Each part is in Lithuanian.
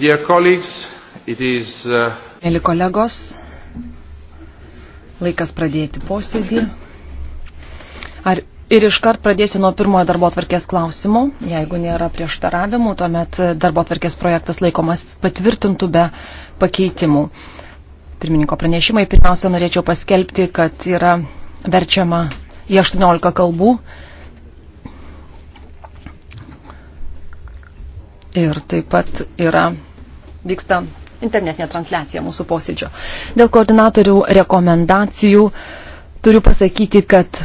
Is... Uh, Mėly kolegos, laikas pradėti posėdį. Ar ir iškart pradėsiu nuo pirmojo darbo atvarkės klausimo. Jeigu nėra prieštaravimų, tuomet darbo atvarkės projektas laikomas patvirtintų be pakeitimų. Pirmininko pranešimai pirmiausia norėčiau paskelbti, kad yra verčiama į 18 kalbų. Ir taip pat yra vyksta internetinė transliacija mūsų posėdžio. Dėl koordinatorių rekomendacijų turiu pasakyti, kad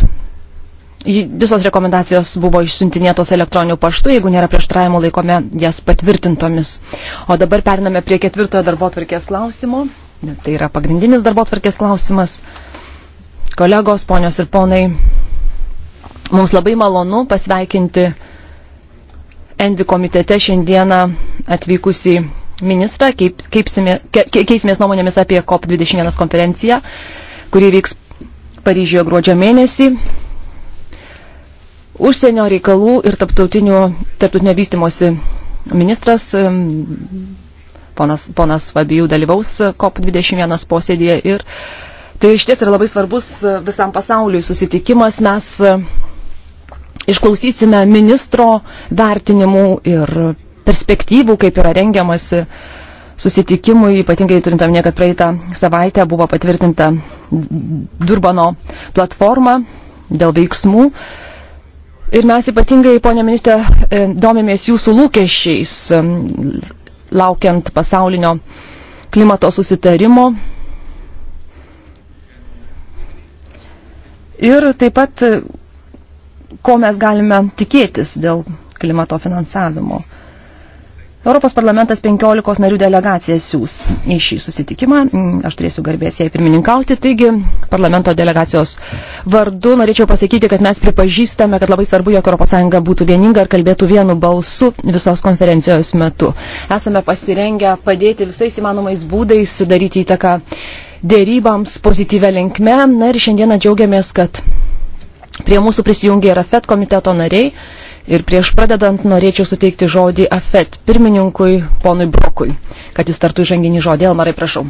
visos rekomendacijos buvo išsiuntinėtos elektroniniu paštu, jeigu nėra prieštaravimų laikome jas patvirtintomis. O dabar periname prie ketvirtojo darbo tvarkės klausimo. Tai yra pagrindinis darbo tvarkės klausimas. Kolegos, ponios ir ponai, mums labai malonu pasveikinti Envi komitete šiandieną atvykusi ministrą, keipsime, ke, keisimės nuomonėmis apie COP21 konferenciją, kuri vyks Paryžioje gruodžio mėnesį. Užsienio reikalų ir tarptautinio vystimosi ministras ponas, ponas Fabijų dalyvaus COP21 posėdėje ir tai iš ties yra labai svarbus visam pasauliui susitikimas. Mes išklausysime ministro vertinimų ir perspektyvų, kaip yra rengiamasi susitikimui, ypatingai turint omenyje, kad praeitą savaitę buvo patvirtinta Durbano platforma dėl veiksmų. Ir mes ypatingai, ponė ministrė, e, domimės jūsų lūkesčiais, e, laukiant pasaulinio klimato susitarimo. Ir taip pat, e, ko mes galime tikėtis dėl klimato finansavimo. Europos parlamentas 15 narių delegaciją siūs į šį susitikimą. Mm, aš turėsiu garbės jai pirmininkauti. Taigi, parlamento delegacijos vardu norėčiau pasakyti, kad mes pripažįstame, kad labai svarbu, jog ES būtų vieninga ir kalbėtų vienu balsu visos konferencijos metu. Esame pasirengę padėti visais įmanomais būdais daryti įtaką dėrybams pozityvę linkme. Na ir šiandieną džiaugiamės, kad prie mūsų prisijungė yra FED komiteto nariai Ir prieš pradedant norėčiau suteikti žodį AFET pirmininkui ponui Brokui, kad jis tartų įženginį žodį. Elmarai, prašau.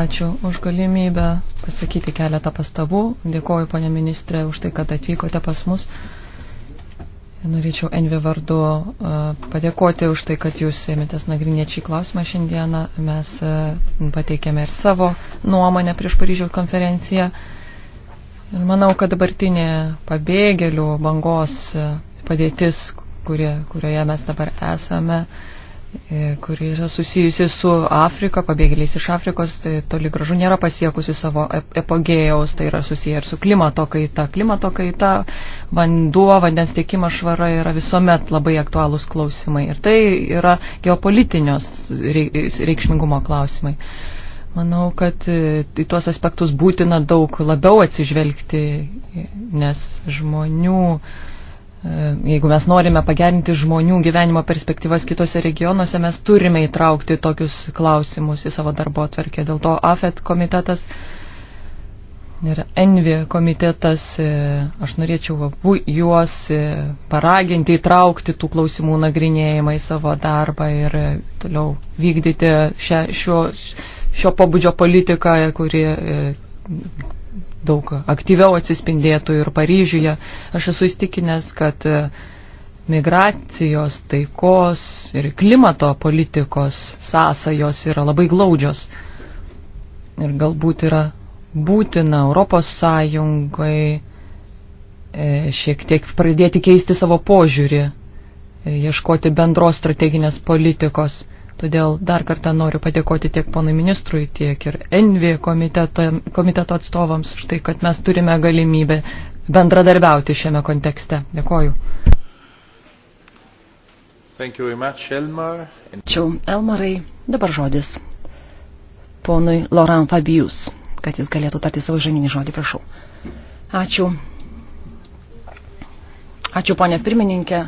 Ačiū už galimybę pasakyti keletą pastabų. Dėkuoju, ponė ministrė, už tai, kad atvykote pas mus. Norėčiau Envi vardu e, padėkoti už tai, kad jūs ėmėtės nagrinėti šį klausimą šiandieną. Mes e, pateikėme ir savo nuomonę prieš Paryžiaus konferenciją. Ir manau, kad dabartinė pabėgėlių bangos padėtis, kurie, kurioje mes dabar esame, e, kuri yra susijusi su Afrika, pabėgėliais iš Afrikos, tai toli gražu nėra pasiekusi savo epogėjaus, tai yra susiję ir su klimato kaita. Klimato kaita, vanduo, vandens tiekimas švara yra visuomet labai aktualūs klausimai ir tai yra geopolitinios reikšmingumo klausimai. Manau, kad e, į tuos aspektus būtina daug labiau atsižvelgti, nes žmonių, e, jeigu mes norime pagerinti žmonių gyvenimo perspektyvas kitose regionuose, mes turime įtraukti tokius klausimus į savo darbo atverkę. Dėl to AFET komitetas ir Envi komitetas, e, aš norėčiau abu juos paraginti, įtraukti tų klausimų nagrinėjimą į savo darbą ir toliau vykdyti šią, šio, šio pobūdžio politiką, kuri e, daug aktyviau atsispindėtų ir Paryžiuje. Aš esu įstikinęs, kad e, migracijos, taikos ir klimato politikos sąsajos yra labai glaudžios. Ir galbūt yra būtina Europos Sąjungai e, šiek tiek pradėti keisti savo požiūrį, ieškoti bendros strateginės politikos. Todėl dar kartą noriu padėkoti tiek ponui ministrui, tiek ir Envi komiteto, komiteto atstovams už tai, kad mes turime galimybę bendradarbiauti šiame kontekste. Dėkoju. Much, Elmar. Ačiū, Elmarai. Dabar žodis ponui Laurent Fabius, kad jis galėtų tarti savo žanginį žodį, prašau. Ačiū. Ačiū, ponė pirmininkė,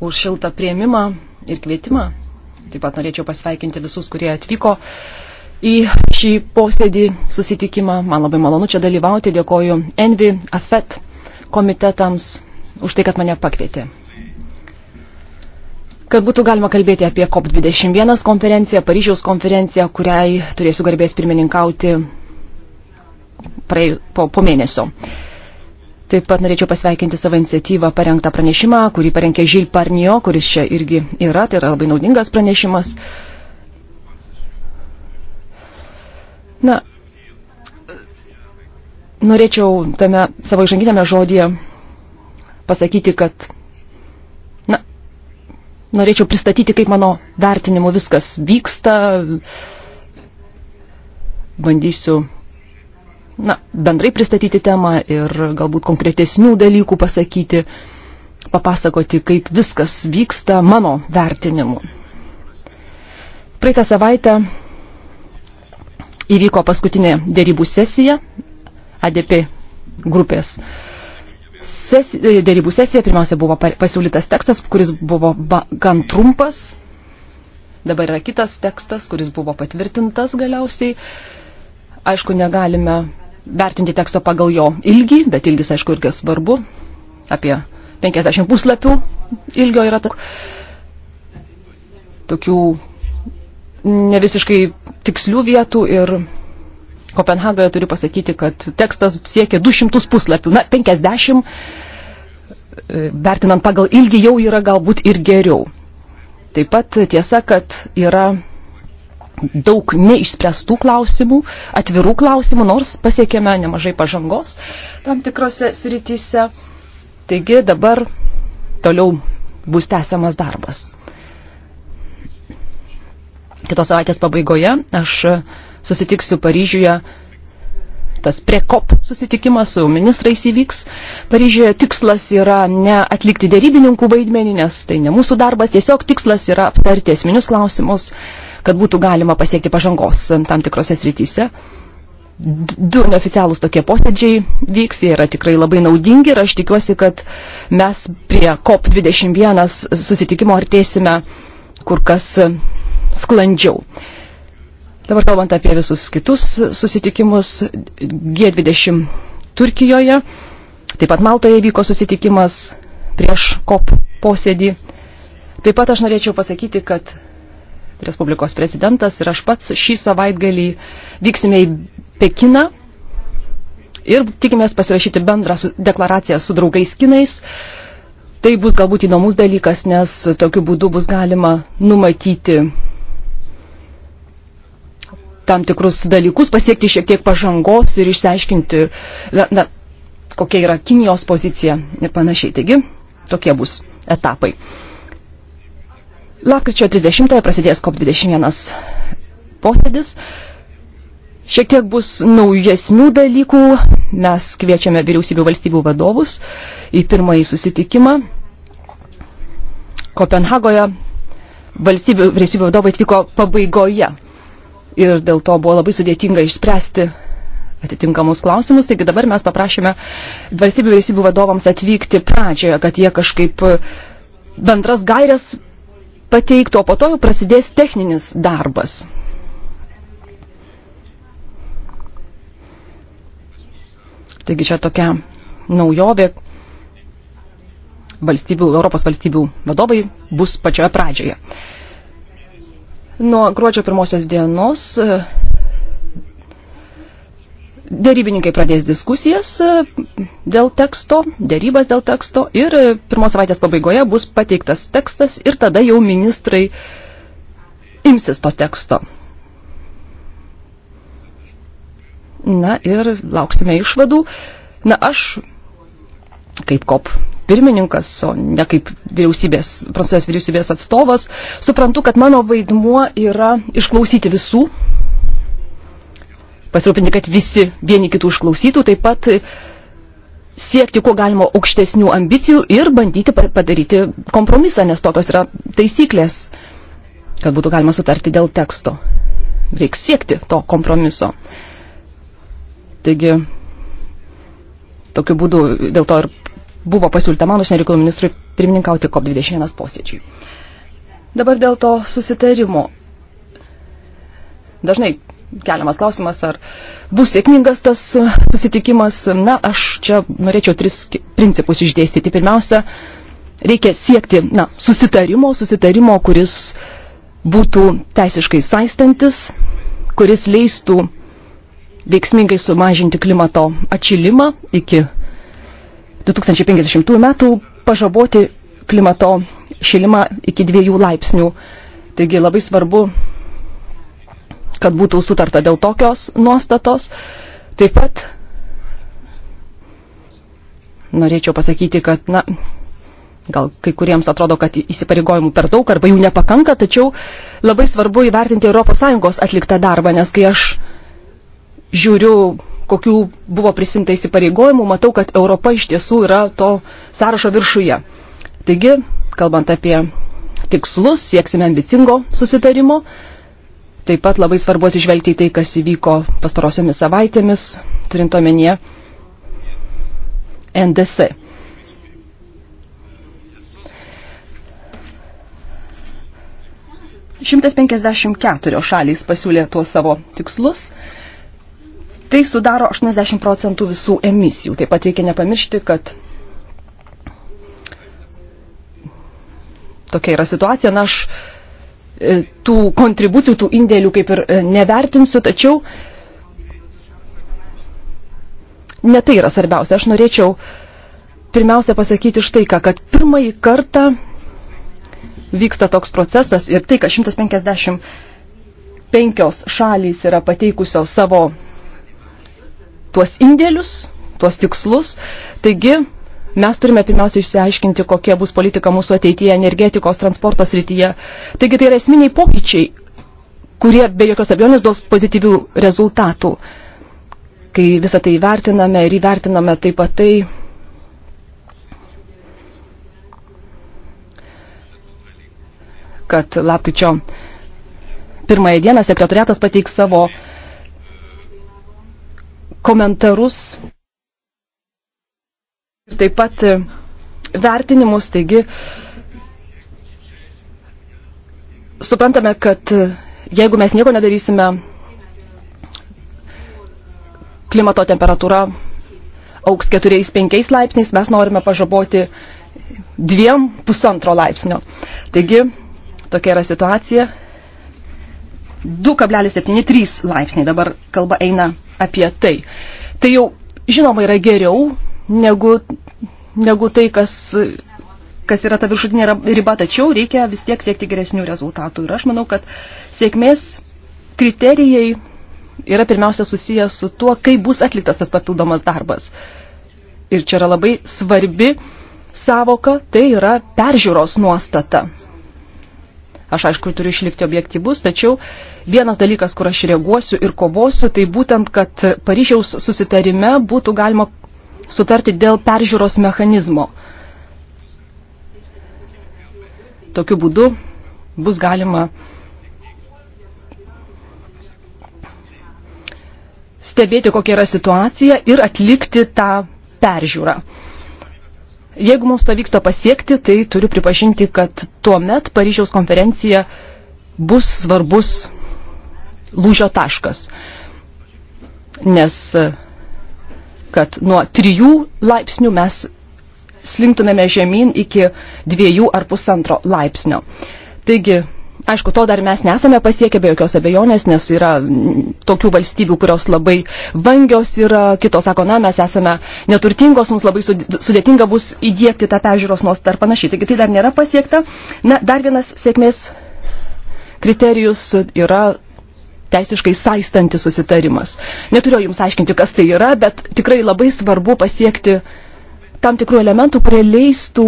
už šiltą prieimimą ir kvietimą. Taip pat norėčiau pasveikinti visus, kurie atvyko į šį posėdį, susitikimą. Man labai malonu čia dalyvauti. Dėkoju Envi, AFET komitetams už tai, kad mane pakvietė. Kad būtų galima kalbėti apie COP21 konferenciją, Paryžiaus konferenciją, kuriai turėsiu garbės pirmininkauti praėjus, po, po mėnesio. Taip pat norėčiau pasveikinti savo iniciatyvą parengtą pranešimą, kurį parengė Žil Parnio, kuris čia irgi yra, tai yra labai naudingas pranešimas. Na, norėčiau tame savo įžanginėme žodėje pasakyti, kad na, norėčiau pristatyti, kaip mano vertinimu viskas vyksta. Bandysiu na, bendrai pristatyti temą ir galbūt konkretesnių dalykų pasakyti, papasakoti, kaip viskas vyksta mano vertinimu. Praeitą savaitę įvyko paskutinė dėrybų sesija, ADP grupės sesi, dėrybų sesija. Pirmiausia buvo pasiūlytas tekstas, kuris buvo ba, gan trumpas. Dabar yra kitas tekstas, kuris buvo patvirtintas galiausiai aišku, negalime vertinti tekstą pagal jo ilgį, bet ilgis, aišku, irgi svarbu, apie 50 puslapių ilgio yra tok, tokių nevisiškai tikslių vietų ir Kopenhagoje turiu pasakyti, kad tekstas siekia 200 puslapių, na 50, e, vertinant pagal ilgį jau yra galbūt ir geriau. Taip pat tiesa, kad yra daug neišspręstų klausimų, atvirų klausimų, nors pasiekėme nemažai pažangos tam tikrose srityse. Taigi dabar toliau bus tęsiamas darbas. Kitos savaitės pabaigoje aš susitiksiu Paryžiuje, tas prekop susitikimas su ministrais įvyks. Paryžiuje tikslas yra ne atlikti dėrybininkų vaidmenį, nes tai ne mūsų darbas, tiesiog tikslas yra aptarti esminius klausimus kad būtų galima pasiekti pažangos tam tikrose srityse. Du neoficialūs tokie posėdžiai vyks, jie yra tikrai labai naudingi ir aš tikiuosi, kad mes prie COP21 susitikimo artėsime kur kas sklandžiau. Dabar kalbant apie visus kitus susitikimus, G20 Turkijoje, taip pat Maltoje vyko susitikimas prieš COP posėdį. Taip pat aš norėčiau pasakyti, kad Respublikos prezidentas ir aš pats šį savaitgalį vyksime į Pekiną ir tikimės pasirašyti bendrą deklaraciją su draugais kinais. Tai bus galbūt įdomus dalykas, nes tokiu būdu bus galima numatyti tam tikrus dalykus, pasiekti šiek tiek pažangos ir išsiaiškinti, na, na, kokia yra Kinijos pozicija ir panašiai. Taigi, tokie bus etapai. Lapkričio 30 prasidės COP21 posėdis. Šiek tiek bus naujesnių dalykų. Mes kviečiame vyriausybių valstybių vadovus į pirmąjį susitikimą. Kopenhagoje valstybių vyriausybių vadovai atvyko pabaigoje. Ir dėl to buvo labai sudėtinga išspręsti atitinkamus klausimus. Taigi dabar mes paprašėme valstybių vyriausybių vadovams atvykti pradžioje, kad jie kažkaip bendras gairias pateiktų, o po to jau prasidės techninis darbas. Taigi čia tokia naujovė valstybių, Europos valstybių vadovai bus pačioje pradžioje. Nuo gruodžio pirmosios dienos Dėrybininkai pradės diskusijas e, dėl teksto, dėrybas dėl teksto ir e, pirmos savaitės pabaigoje bus pateiktas tekstas ir tada jau ministrai imsis to teksto. Na ir lauksime išvadų. Na aš kaip kop pirmininkas, o ne kaip vyriausybės, prancūzijos vyriausybės atstovas, suprantu, kad mano vaidmuo yra išklausyti visų pasirūpinti, kad visi vieni kitų užklausytų, taip pat e, siekti kuo galima aukštesnių ambicijų ir bandyti padaryti kompromisą, nes tokios yra taisyklės, kad būtų galima sutarti dėl teksto. Reiks siekti to kompromiso. Taigi, tokiu būdu dėl to ir buvo pasiūlyta man užsienio reikalų ministrui pirmininkauti COP21 posėdžiui. Dabar dėl to susitarimo. Dažnai keliamas klausimas, ar bus sėkmingas tas e, susitikimas. Na, aš čia norėčiau tris principus išdėstyti. Pirmiausia, reikia siekti na, susitarimo, susitarimo, kuris būtų teisiškai saistantis, kuris leistų veiksmingai sumažinti klimato atšilimą iki 2050 metų, pažaboti klimato šilimą iki dviejų laipsnių. Taigi labai svarbu kad būtų sutarta dėl tokios nuostatos. Taip pat norėčiau pasakyti, kad, na, gal kai kuriems atrodo, kad įsipareigojimų per daug arba jų nepakanka, tačiau labai svarbu įvertinti ES atliktą darbą, nes kai aš žiūriu, kokių buvo prisimta įsipareigojimų, matau, kad Europa iš tiesų yra to sąrašo viršuje. Taigi, kalbant apie tikslus, sieksime ambicingo susitarimo, Taip pat labai svarbu atsižvelgti į tai, kas įvyko pastarosiomis savaitėmis, turint omenyje NDC. Šimtas penkiasdešimt keturios šalys pasiūlė tuos savo tikslus. Tai sudaro 80 procentų visų emisijų. Taip pat reikia nepamiršti, kad tokia yra situacija. Na, aš E, tų kontribucijų, tų indėlių kaip ir e, nevertinsiu, tačiau ne tai yra svarbiausia. Aš norėčiau pirmiausia pasakyti štai ką, kad pirmąjį kartą vyksta toks procesas ir tai, kad 155 šalys yra pateikusios savo tuos indėlius, tuos tikslus, taigi Mes turime pirmiausia išsiaiškinti, kokia bus politika mūsų ateityje energetikos, transporto srityje. Taigi tai yra esminiai pokyčiai, kurie be jokios abejonės duos pozityvių rezultatų. Kai visą tai vertiname ir įvertiname taip pat tai, kad lapkričio pirmąją dieną sekretoriatas pateiks savo komentarus ir taip pat e, vertinimus, taigi suprantame, kad e, jeigu mes nieko nedarysime, klimato temperatūra auks 4-5 laipsniais, mes norime pažaboti dviem pusantro laipsnio. Taigi, tokia yra situacija. 2,73 laipsniai dabar kalba eina apie tai. Tai jau, žinoma, yra geriau negu, negu tai, kas, kas yra ta viršutinė riba, tačiau reikia vis tiek siekti geresnių rezultatų. Ir aš manau, kad sėkmės kriterijai yra pirmiausia susijęs su tuo, kaip bus atliktas tas papildomas darbas. Ir čia yra labai svarbi savoka, tai yra peržiūros nuostata. Aš aišku, turiu išlikti objektyvus, tačiau vienas dalykas, kur aš reaguosiu ir kovosiu, tai būtent, kad Paryžiaus susitarime būtų galima sutarti dėl peržiūros mechanizmo. Tokiu būdu bus galima stebėti, kokia yra situacija ir atlikti tą peržiūrą. Jeigu mums pavyksta pasiekti, tai turiu pripažinti, kad tuo met Paryžiaus konferencija bus svarbus lūžio taškas, nes kad nuo 3 laipsnių mes slinktumėme žemyn iki 2 ar pusantro laipsnio. Taigi, Aišku, to dar mes nesame pasiekę be jokios abejonės, nes yra tokių valstybių, kurios labai vangios yra, kitos sako, na, mes esame neturtingos, mums labai sudėtinga bus įdėkti tą pežiūros nuostą ar panašiai. Taigi tai dar nėra pasiekta. Na, dar vienas sėkmės kriterijus yra teisiškai saistantis susitarimas. Neturiu jums aiškinti, kas tai yra, bet tikrai labai svarbu pasiekti tam tikrų elementų, kurie leistų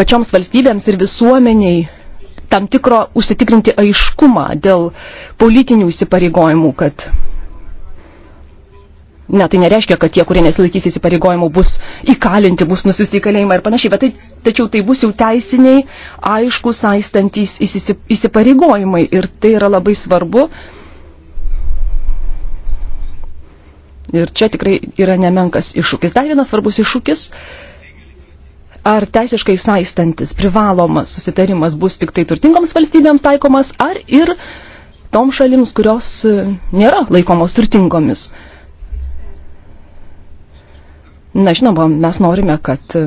pačioms valstybėms ir visuomeniai tam tikro užsitikrinti aiškumą dėl politinių įsipareigojimų, kad Na, tai nereiškia, kad tie, kurie nesilaikys įsipareigojimų, bus įkalinti, bus nusiusti į kalėjimą ir panašiai, bet tai, tačiau tai bus jau teisiniai, aiškus, saistantys įsipareigojimai ir tai yra labai svarbu. Ir čia tikrai yra nemenkas iššūkis. Dar vienas svarbus iššūkis, ar teisiškai saistantis privalomas susitarimas bus tik tai turtingoms valstybėms taikomas, ar ir tom šalims, kurios e, nėra laikomos turtingomis. Na, žinoma, mes norime, kad e,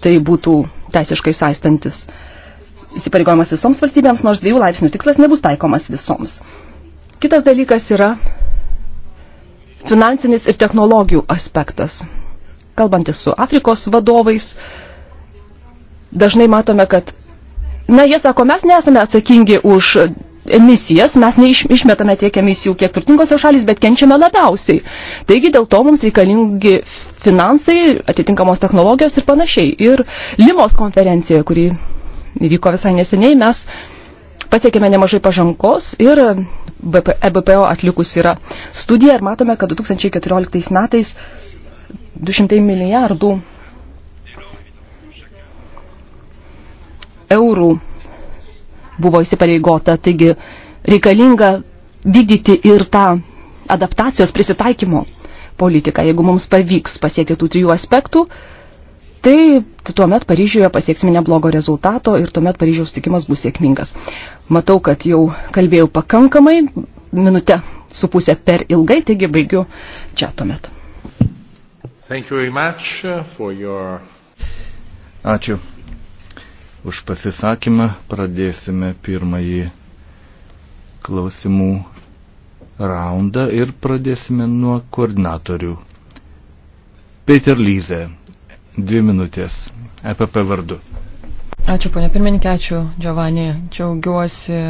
tai būtų teisiškai saistantis įsipareigojimas visoms valstybėms, nors dviejų laipsnių tikslas nebus taikomas visoms. Kitas dalykas yra finansinis ir technologijų aspektas. Kalbantis su Afrikos vadovais, dažnai matome, kad, na, jie sako, mes nesame atsakingi už emisijas, mes neišmetame tiek emisijų, kiek turtingosios šalis, bet kenčiame labiausiai. Taigi dėl to mums reikalingi finansai, atitinkamos technologijos ir panašiai. Ir Limos konferencija, kuri įvyko visai neseniai, mes pasiekėme nemažai pažangos ir EBPO atlikus yra studija ir matome, kad 2014 metais 200 milijardų eurų buvo įsipareigota. Taigi reikalinga vykdyti ir tą adaptacijos prisitaikymo politiką. Jeigu mums pavyks pasiekti tų trijų aspektų, tai tuomet Paryžiuje pasieksime neblogo rezultato ir tuomet Paryžiaus tikimas bus sėkmingas. Matau, kad jau kalbėjau pakankamai, minutę su pusę per ilgai, taigi baigiu čia tuomet. Thank you very much for your... Ačiū už pasisakymą. Pradėsime pirmąjį klausimų raundą ir pradėsime nuo koordinatorių. Peter Lyze, dvi minutės, EPP vardu. Ačiū, ponia pirmininkė, ačiū, Giovanni. Džiaugiuosi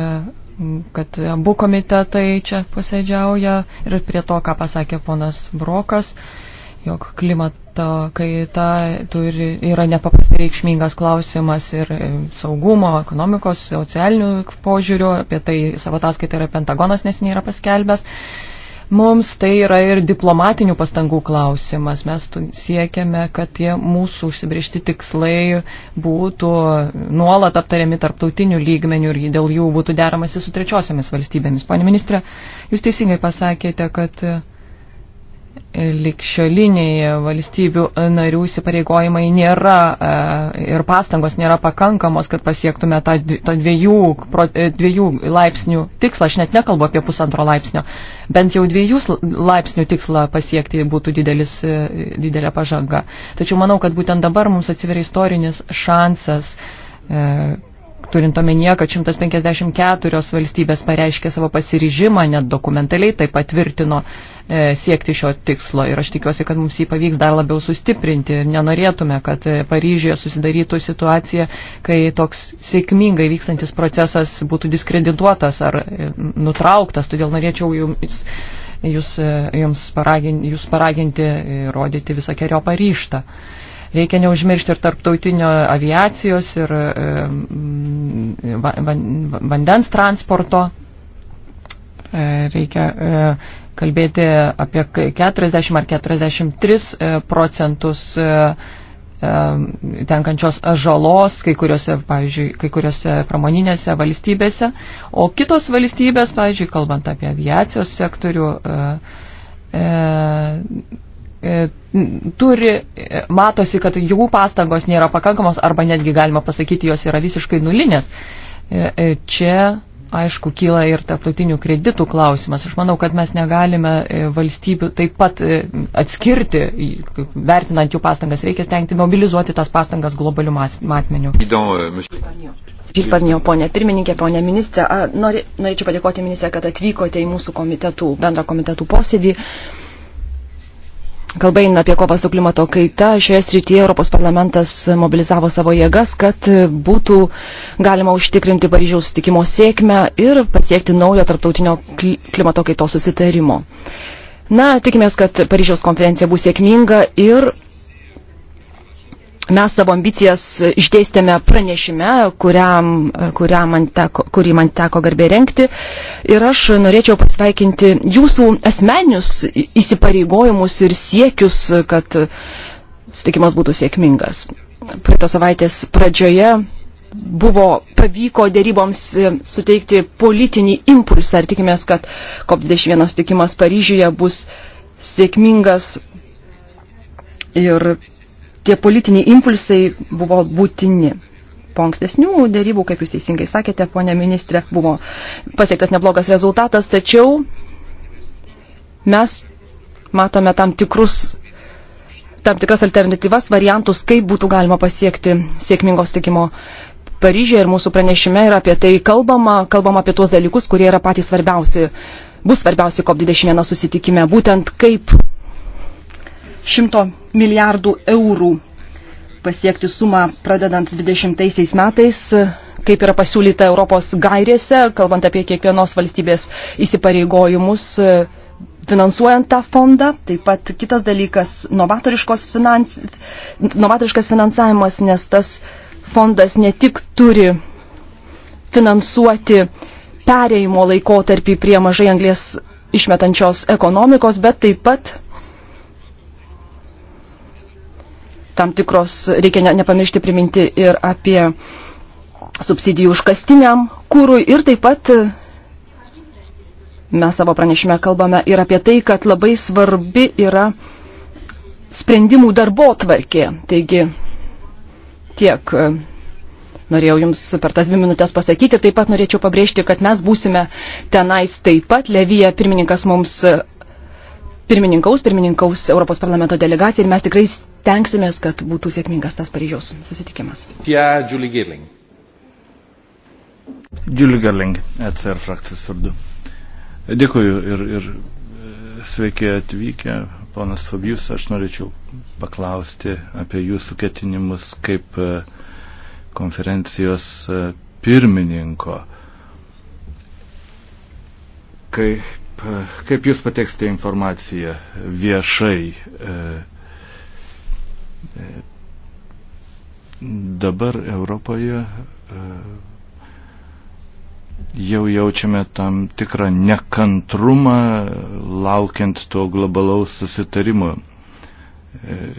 kad abu komitetai čia posėdžiauja ir prie to, ką pasakė ponas Brokas. Uh, jog klimato kaita turi, yra nepaprastai reikšmingas klausimas ir e, saugumo, ekonomikos, socialinių požiūrių, apie tai savo ataskaitą yra Pentagonas nesiniai yra paskelbęs. Mums tai yra ir diplomatinių pastangų klausimas. Mes siekiame, kad tie mūsų užsibriežti tikslai būtų nuolat aptariami tarptautinių lygmenių ir dėl jų būtų deramasi su trečiosiamis valstybėmis. Pane ministrė, jūs teisingai pasakėte, kad likščioliniai valstybių narių įsipareigojimai nėra e, ir pastangos nėra pakankamos, kad pasiektume tą, tą dviejų, e, dviejų laipsnių tikslą. Aš net nekalbu apie pusantro laipsnio. Bent jau dviejų laipsnių tikslą pasiekti būtų didelis, e, didelė pažanga. Tačiau manau, kad būtent dabar mums atsiveria istorinis šansas turint omenyje, kad 154 valstybės pareiškė savo pasiryžimą, net dokumentaliai tai patvirtino e, siekti šio tikslo. Ir aš tikiuosi, kad mums jį pavyks dar labiau sustiprinti. Ir nenorėtume, kad e, Paryžyje susidarytų situacija, kai toks sėkmingai vykstantis procesas būtų diskredituotas ar e, nutrauktas. Todėl norėčiau jums, jūs, e, jums paraginti, jūs paraginti rodyti visą kerio paryštą. Reikia neužmiršti ir tarptautinio aviacijos ir vandens transporto. E, reikia e, kalbėti apie 40 ar 43 e, procentus tenkančios žalos kai kuriuose, pavyzdžiui, kai kuriuose pramoninėse valstybėse, o kitos valstybės, pavyzdžiui, kalbant apie aviacijos sektorių, e, e, E, turi, e, matosi, kad jų pastangos nėra pakankamos arba netgi galima pasakyti, jos yra visiškai nulinės. E, čia, aišku, kyla ir tarptautinių kreditų klausimas. Aš manau, kad mes negalime valstybių taip pat atskirti, vertinant jų pastangas, reikia stengti mobilizuoti tas pastangas globalių matmenių. Pirparnio, ponė pirmininkė, ponė ministrė, nori, norėčiau padėkoti ministrė, kad atvykote į mūsų komitetų, bendrą komitetų posėdį. Uh, Kalba eina apie kovą su klimato kaita. Šioje srityje Europos parlamentas mobilizavo savo jėgas, kad būtų galima užtikrinti Paryžiaus sutikimo sėkmę ir pasiekti naujo tarptautinio klimato kaitos susitarimo. Na, tikimės, kad Paryžiaus konferencija bus sėkminga ir Mes savo ambicijas išdėstėme pranešime, kuriam, kuriam man teko, kurį man teko garbė renkti. Ir aš norėčiau pasveikinti jūsų asmeninius įsipareigojimus ir siekius, kad sutikimas būtų sėkmingas. Praeito savaitės pradžioje buvo pavyko dėryboms suteikti politinį impulsą ir tikimės, kad COP21 sutikimas Paryžiuje bus sėkmingas ir tie politiniai impulsai buvo būtini. Po ankstesnių dėrybų, kaip jūs teisingai sakėte, ponė ministrė, buvo pasiektas neblogas rezultatas, tačiau mes matome tam tikrus tam tikras alternatyvas variantus, kaip būtų galima pasiekti sėkmingos tikimo Paryžėje ir mūsų pranešime yra apie tai kalbama, kalbama apie tuos dalykus, kurie yra patys svarbiausi, bus svarbiausi COP21 susitikime, būtent kaip 100 milijardų eurų pasiekti sumą pradedant 20 metais, kaip yra pasiūlyta Europos gairėse, kalbant apie kiekvienos valstybės įsipareigojimus finansuojant tą fondą. Taip pat kitas dalykas – finans, novatoriškas finansavimas, nes tas fondas ne tik turi finansuoti perėjimo laikotarpį prie mažai anglės išmetančios ekonomikos, bet taip pat – tam tikros, reikia nepamiršti priminti ir apie subsidijų užkastiniam kūrui ir taip pat mes savo pranešime kalbame ir apie tai, kad labai svarbi yra sprendimų darbo tvarkė. Taigi tiek norėjau Jums per tas dvi minutės pasakyti. Taip pat norėčiau pabrėžti, kad mes būsime tenais taip pat. Levija pirmininkas mums pirmininkaus, pirmininkaus Europos parlamento delegacija ir mes tikrai tenksimės, kad būtų sėkmingas tas Paryžiaus susitikimas. Tia Julie Gerling. Julie Gerling, ECR frakcijos vardu. Dėkuoju ir, ir e, sveiki atvykę, ponas Fabius, aš norėčiau paklausti apie jūsų ketinimus kaip e, konferencijos e, pirmininko. Kai kaip, kaip jūs pateksite informaciją viešai? E, e, dabar Europoje e, jau jaučiame tam tikrą nekantrumą laukiant to globalaus susitarimo.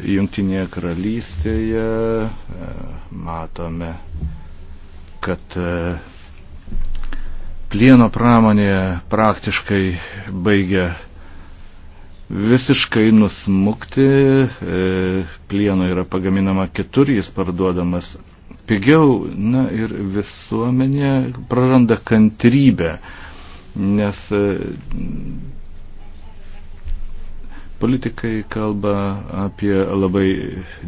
Jungtinėje karalystėje matome, kad Plieno pramonė praktiškai baigia visiškai nusmukti. E, plieno yra pagaminama kitur, jis parduodamas pigiau, na ir visuomenė praranda kantrybę, nes e, Politikai kalba apie labai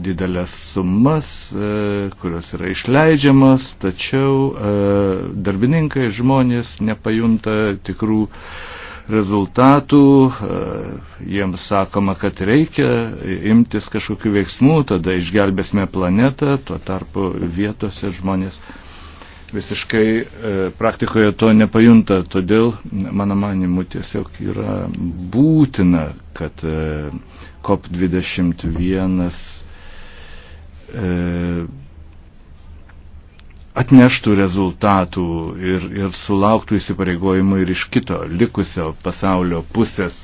didelės sumas, e, kurios yra išleidžiamas, tačiau e, darbininkai žmonės nepajunta tikrų rezultatų, e, jiems sakoma, kad reikia imtis kažkokių veiksmų, tada išgelbėsime planetą, tuo tarpu vietose žmonės visiškai e, praktikoje to nepajunta. Todėl, mano manimu, tiesiog yra būtina, kad e, COP21 e, atneštų rezultatų ir, ir sulauktų įsipareigojimų ir iš kito likusio pasaulio pusės.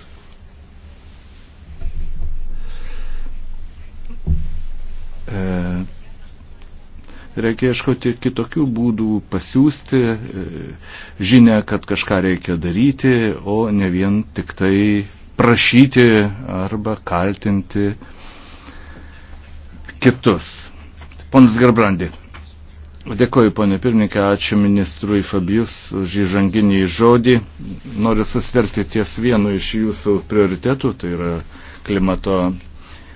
E, Reikia ieškoti kitokių būdų pasiūsti e, žinę, kad kažką reikia daryti, o ne vien tik tai prašyti arba kaltinti kitus. Ponas Garbrandi. Dėkoju, ponė pirmininkė, ačiū ministrui Fabijus už įžanginį žodį. Noriu susitelkti ties vienu iš jūsų prioritetų, tai yra klimato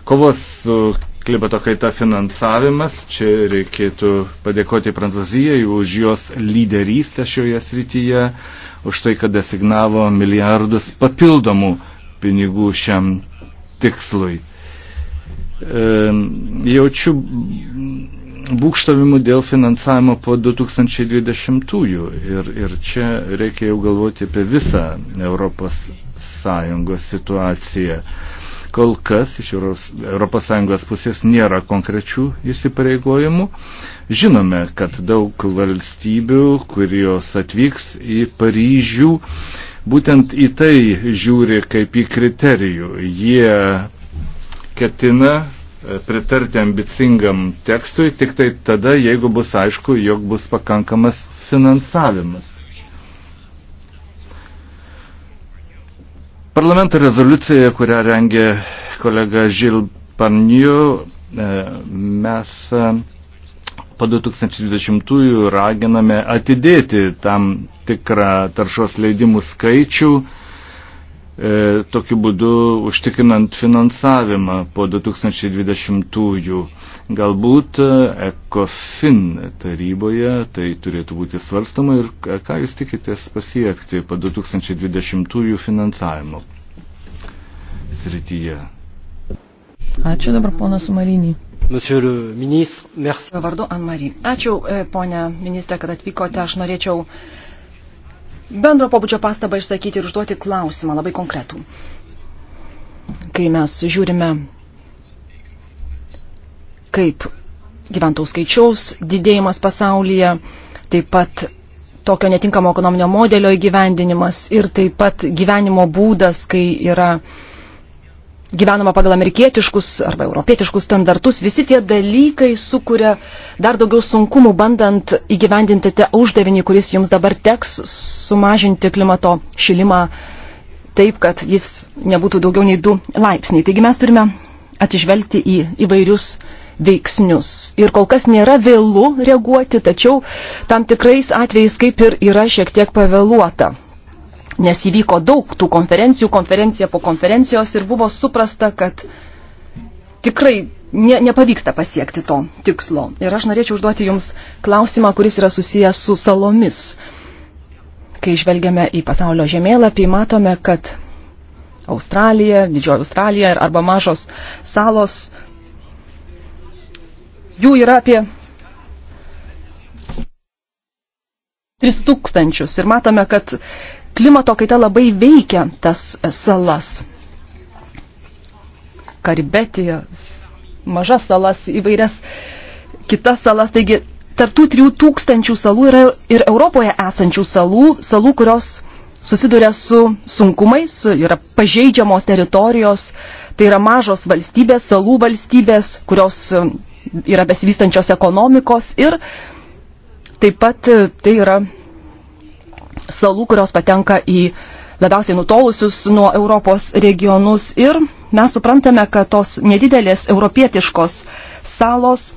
kovos su Klimato kaita finansavimas. Čia reikėtų padėkoti Prancūzijai už jos lyderystę šioje srityje, už tai, kad designavo milijardus papildomų pinigų šiam tikslui. E, jaučiu būkštavimų dėl finansavimo po 2020-ųjų ir, ir čia reikia jau galvoti apie visą Europos Sąjungos situaciją. E, kol kas iš ES pusės nėra konkrečių įsipareigojimų. Žinome, kad daug valstybių, kurios atvyks į Paryžių, būtent į tai žiūri kaip į kriterijų. Jie ketina e, pritarti ambicingam tekstui tik tai tada, jeigu bus aišku, jog bus pakankamas finansavimas. Parlamento rezoliucijoje, kurią rengė kolega Žil Parniu, e, mes e, po 2020 raginame atidėti tam tikrą taršos leidimų skaičių E, tokiu būdu užtikrinant finansavimą po 2020-ųjų. Galbūt e, ECOFIN taryboje tai turėtų būti svarstama ir ką jūs tikitės pasiekti po 2020-ųjų finansavimo srityje. Ačiū dabar ponas Marinį. Monsieur le ministre, merci. Vardu Anne Marie. Ačiū, e, ponia ministrė, kad atvykote. Aš norėčiau uh, bendro pobūdžio pastabą išsakyti ir užduoti klausimą labai konkretų. Kai mes žiūrime, kaip gyventojų skaičiaus didėjimas pasaulyje, taip pat tokio netinkamo ekonominio modelio įgyvendinimas ir taip pat gyvenimo būdas, kai yra uh, gyvenama pagal amerikietiškus arba europietiškus standartus, visi tie dalykai sukuria dar daugiau sunkumų, bandant įgyvendinti tą uždavinį, kuris jums dabar teks sumažinti klimato šilimą taip, kad jis nebūtų daugiau nei 2 laipsniai. Taigi mes turime atsižvelgti į įvairius veiksnius. Ir kol kas nėra vėlu reaguoti, tačiau tam tikrais atvejais kaip ir yra šiek tiek pavėluota nes įvyko daug tų konferencijų, konferencija po konferencijos ir buvo suprasta, kad tikrai ne, nepavyksta pasiekti to tikslo. Ir aš norėčiau užduoti Jums klausimą, kuris yra susijęs su salomis. Kai žvelgiame į pasaulio žemėlapį, matome, kad Australija, Didžioji Australija arba mažos salos, jų yra apie 3000 ir matome, kad klimato kaita labai veikia tas salas. Karibetijos, mažas salas, įvairias kitas salas. Taigi, tarptų 3000 salų yra ir Europoje esančių salų, salų, kurios susiduria su sunkumais, yra pažeidžiamos teritorijos, tai yra mažos valstybės, salų valstybės, kurios um, yra besivystančios ekonomikos ir taip pat e, tai yra salų, kurios patenka į labiausiai nutolusius nuo Europos regionus ir mes suprantame, kad tos nedidelės europietiškos salos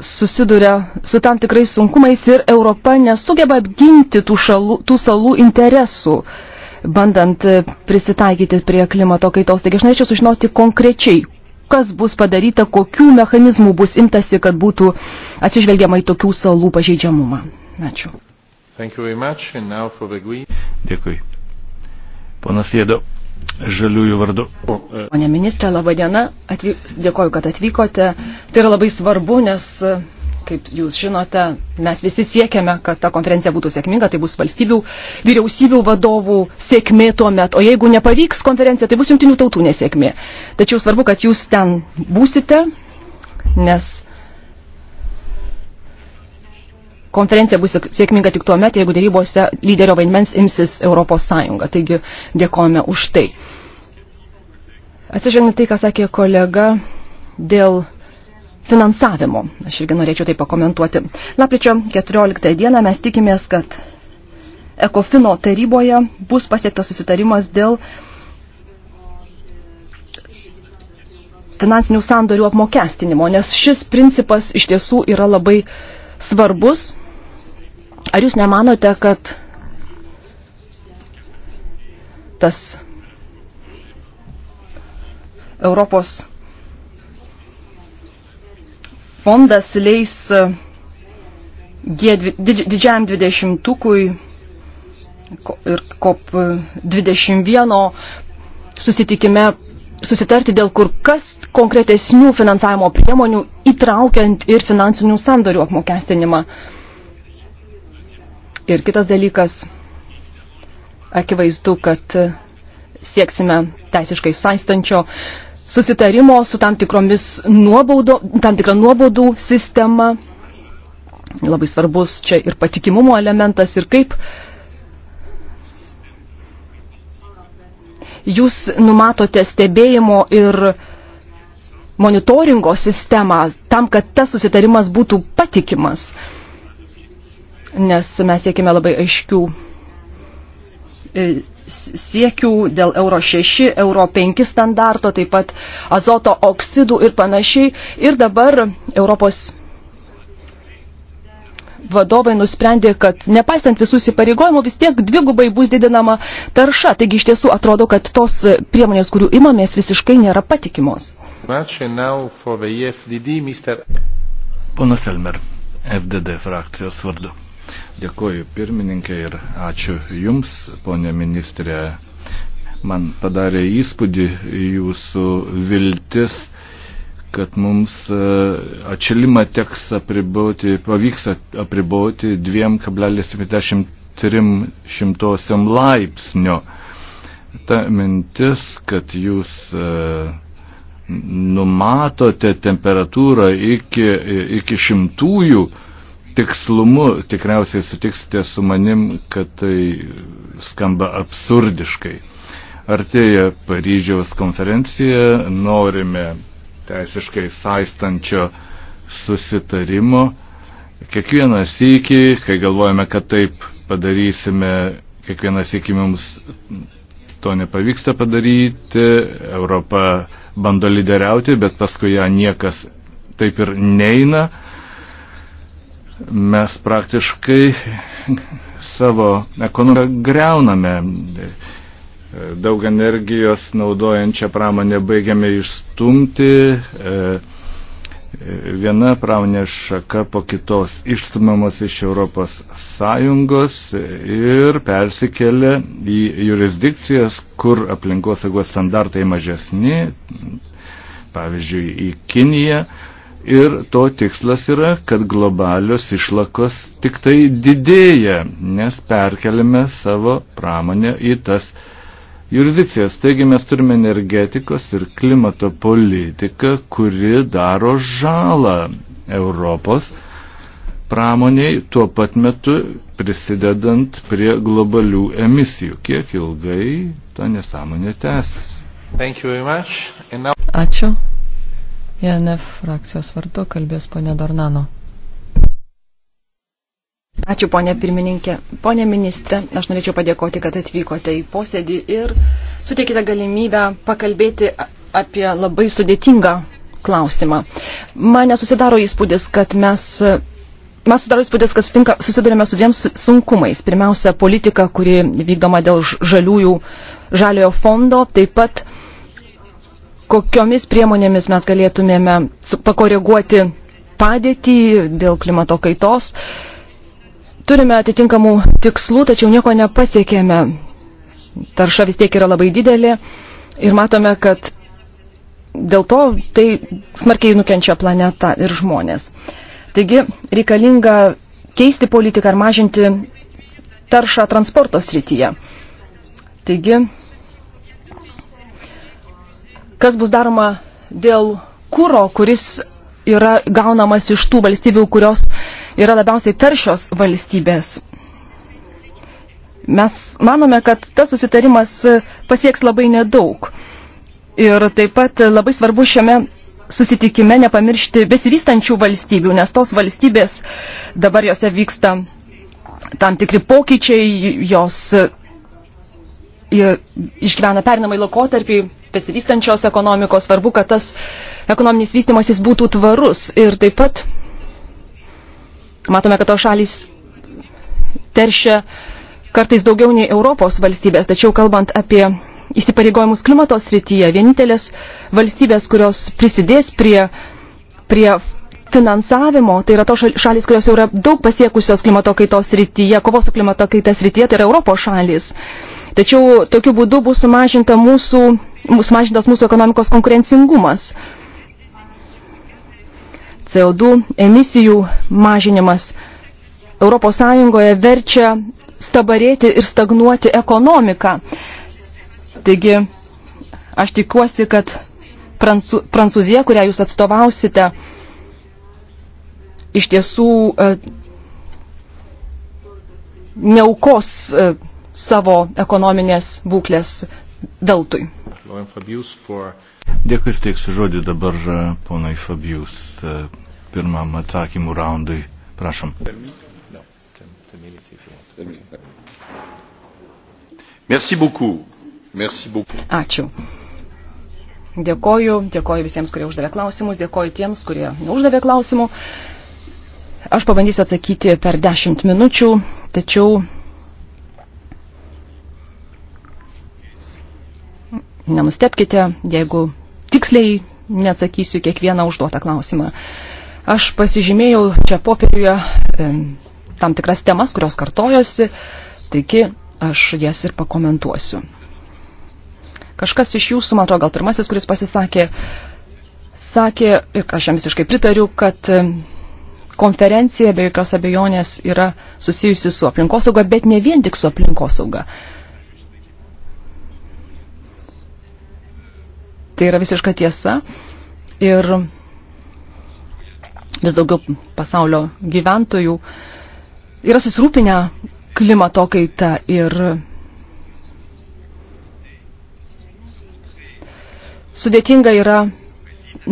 susiduria su tam tikrais sunkumais ir Europa nesugeba apginti tų, šalų, tų salų interesų, bandant prisitaikyti prie klimato kaitos. Taigi aš norėčiau sužinoti konkrečiai, kas bus padaryta, kokių mechanizmų bus imtasi, kad būtų atsižvelgiama į tokių salų pažeidžiamumą. Ačiū. Dėkui. Ponas Jėdo, žaliųjų vardu. Pone ministrė, laba diena. Atvyk... Dėkoju, kad atvykote. Tai yra labai svarbu, nes Kaip jūs žinote, mes visi siekiame, kad ta konferencija būtų sėkminga, tai bus valstybių, vyriausybių vadovų sėkmė tuo met, o jeigu nepavyks konferencija, tai bus jungtinių tautų nesėkmė. Tačiau svarbu, kad jūs ten būsite, nes konferencija bus sėkminga tik tuo met, jeigu dėrybose lyderio vaidmens imsis Europos Sąjunga. Taigi dėkojame už tai. Atsižvelgiant tai, ką sakė kolega dėl finansavimo. Aš irgi norėčiau tai pakomentuoti. Lapričio 14 dieną mes tikimės, kad Ekofino taryboje bus pasiektas susitarimas dėl finansinių sandorių apmokestinimo, nes šis principas iš tiesų yra labai svarbus. Ar jūs nemanote, kad tas Europos fondas leis e, didžiam dvidešimtukui ir COP21 e, susitikime susitarti dėl kur kas konkretesnių finansavimo priemonių, įtraukiant ir finansinių sandorių apmokestinimą. Ir kitas dalykas, akivaizdu, kad sieksime teisiškai saistančio uh, susitarimo su tam tikromis nuobaudo, tam tikra nuobaudų sistema. Labai svarbus čia ir patikimumo elementas ir kaip jūs numatote stebėjimo ir monitoringo sistemą tam, kad tas susitarimas būtų patikimas. Nes mes siekime labai aiškių e, siekių dėl euro 6, euro 5 standarto, taip pat azoto oksidų ir panašiai. Ir dabar Europos vadovai nusprendė, kad nepaisant visų įsipareigojimų, vis tiek dvigubai bus didinama tarša. Taigi iš tiesų atrodo, kad tos priemonės, kurių imamės, visiškai nėra patikimos. E Ponas Elmer, e FDD frakcijos vardu. Dėkuoju pirmininkė ir ačiū Jums, ponė ministrė. Man padarė įspūdį Jūsų viltis, kad mums e, atšilimą teks apriboti, pavyks apriboti 2,73 laipsnio. Ta mintis, kad Jūs e, numatote temperatūrą iki, e, iki šimtųjų, tikslumu tikriausiai sutiksite su manim, kad tai skamba absurdiškai. Artėja Paryžiaus konferencija, norime teisiškai saistančio susitarimo. Kiekvieną sykį, kai galvojame, kad taip padarysime, kiekvieną sykį mums to nepavyksta padaryti, Europa bando lyderiauti, bet paskui ją niekas taip ir neina mes praktiškai savo ekonomiką greuname. Daug energijos naudojančią pramonę baigiame išstumti. E, viena pramonė šaka po kitos išstumamas iš Europos Sąjungos ir persikelia į jurisdikcijas, kur aplinkosaugos standartai mažesni, pavyzdžiui, į Kiniją Ir to tikslas yra, kad globalios išlakos tik tai didėja, nes perkeliame savo pramonę į tas jurisdikcijas. Taigi mes turime energetikos ir klimato politiką, kuri daro žalą Europos pramoniai, tuo pat metu prisidedant prie globalių emisijų. Kiek ilgai ta nesąmonė tęsis? Now... Ačiū. JNF e frakcijos vardu kalbės ponė Dornano. Ačiū, ponė pirmininkė. Pone ministrė, aš norėčiau padėkoti, kad atvykote į posėdį ir suteikite galimybę pakalbėti apie labai sudėtingą klausimą. Mane susidaro įspūdis, kad mes man sudaro įspūdis, kad sutinka, susidurime su dviem sunkumais. Pirmiausia, politika, kuri vykdoma dėl žaliųjų žaliojo fondo, taip pat kokiomis priemonėmis mes galėtumėme pakoreguoti padėtį dėl klimato kaitos. Turime atitinkamų tikslų, tačiau nieko nepasiekėme. Tarša vis tiek yra labai didelė ir matome, kad dėl to tai smarkiai nukenčia planeta ir žmonės. Taigi reikalinga keisti politiką ar mažinti taršą transporto srityje. Taigi kas bus daroma dėl kūro, kuris yra gaunamas iš tų valstybių, kurios yra labiausiai taršios valstybės. Mes manome, kad tas susitarimas pasieks labai nedaug. Ir taip pat labai svarbu šiame susitikime nepamiršti besivystančių valstybių, nes tos valstybės dabar jose vyksta tam tikri pokyčiai, jos išgyvena perinamai laikotarpį, besivystančios ekonomikos, svarbu, kad tas ekonominis vystimasis būtų tvarus. Ir taip pat matome, kad to šalys teršia kartais daugiau nei Europos valstybės, tačiau kalbant apie įsipareigojimus klimato srityje, vienintelės valstybės, kurios prisidės prie, prie finansavimo, tai yra to šalis, kurios jau yra daug pasiekusios klimato kaitos srityje, kovos su klimato kaita srityje, tai yra Europos šalis. Tačiau tokiu būdu bus sumažinta mūsų sumažintas mūsų ekonomikos konkurencingumas. CO2 emisijų mažinimas Europos Sąjungoje verčia stabarėti ir stagnuoti ekonomiką. Taigi, aš tikiuosi, kad Prancū, Prancūzija, kurią jūs atstovausite, iš tiesų e, neaukos e, savo ekonominės būklės veltui. Dėkui, steiksiu žodį dabar e, ponai Fabius e, pirmam atsakymų raundui. Prašom. Merci beaucoup. Merci beaucoup. Ačiū. Dėkoju, dėkoju visiems, kurie uždavė klausimus, dėkoju tiems, kurie neuždavė klausimų. Aš pabandysiu atsakyti per 10 minučių, tačiau nenustepkite, jeigu tiksliai neatsakysiu kiekvieną užduotą klausimą. Aš pasižymėjau čia popieriuje tam tikras temas, kurios kartojosi, taigi aš jas ir pakomentuosiu. Kažkas iš jūsų, man atrodo, gal pirmasis, kuris pasisakė, sakė, ir aš jam visiškai pritariu, kad konferencija be jokios abejonės yra susijusi su aplinkosauga, bet ne vien tik su aplinkosauga. Tai yra visiška tiesa. Ir vis daugiau pasaulio gyventojų yra susirūpinę klimato kaita ir sudėtinga yra,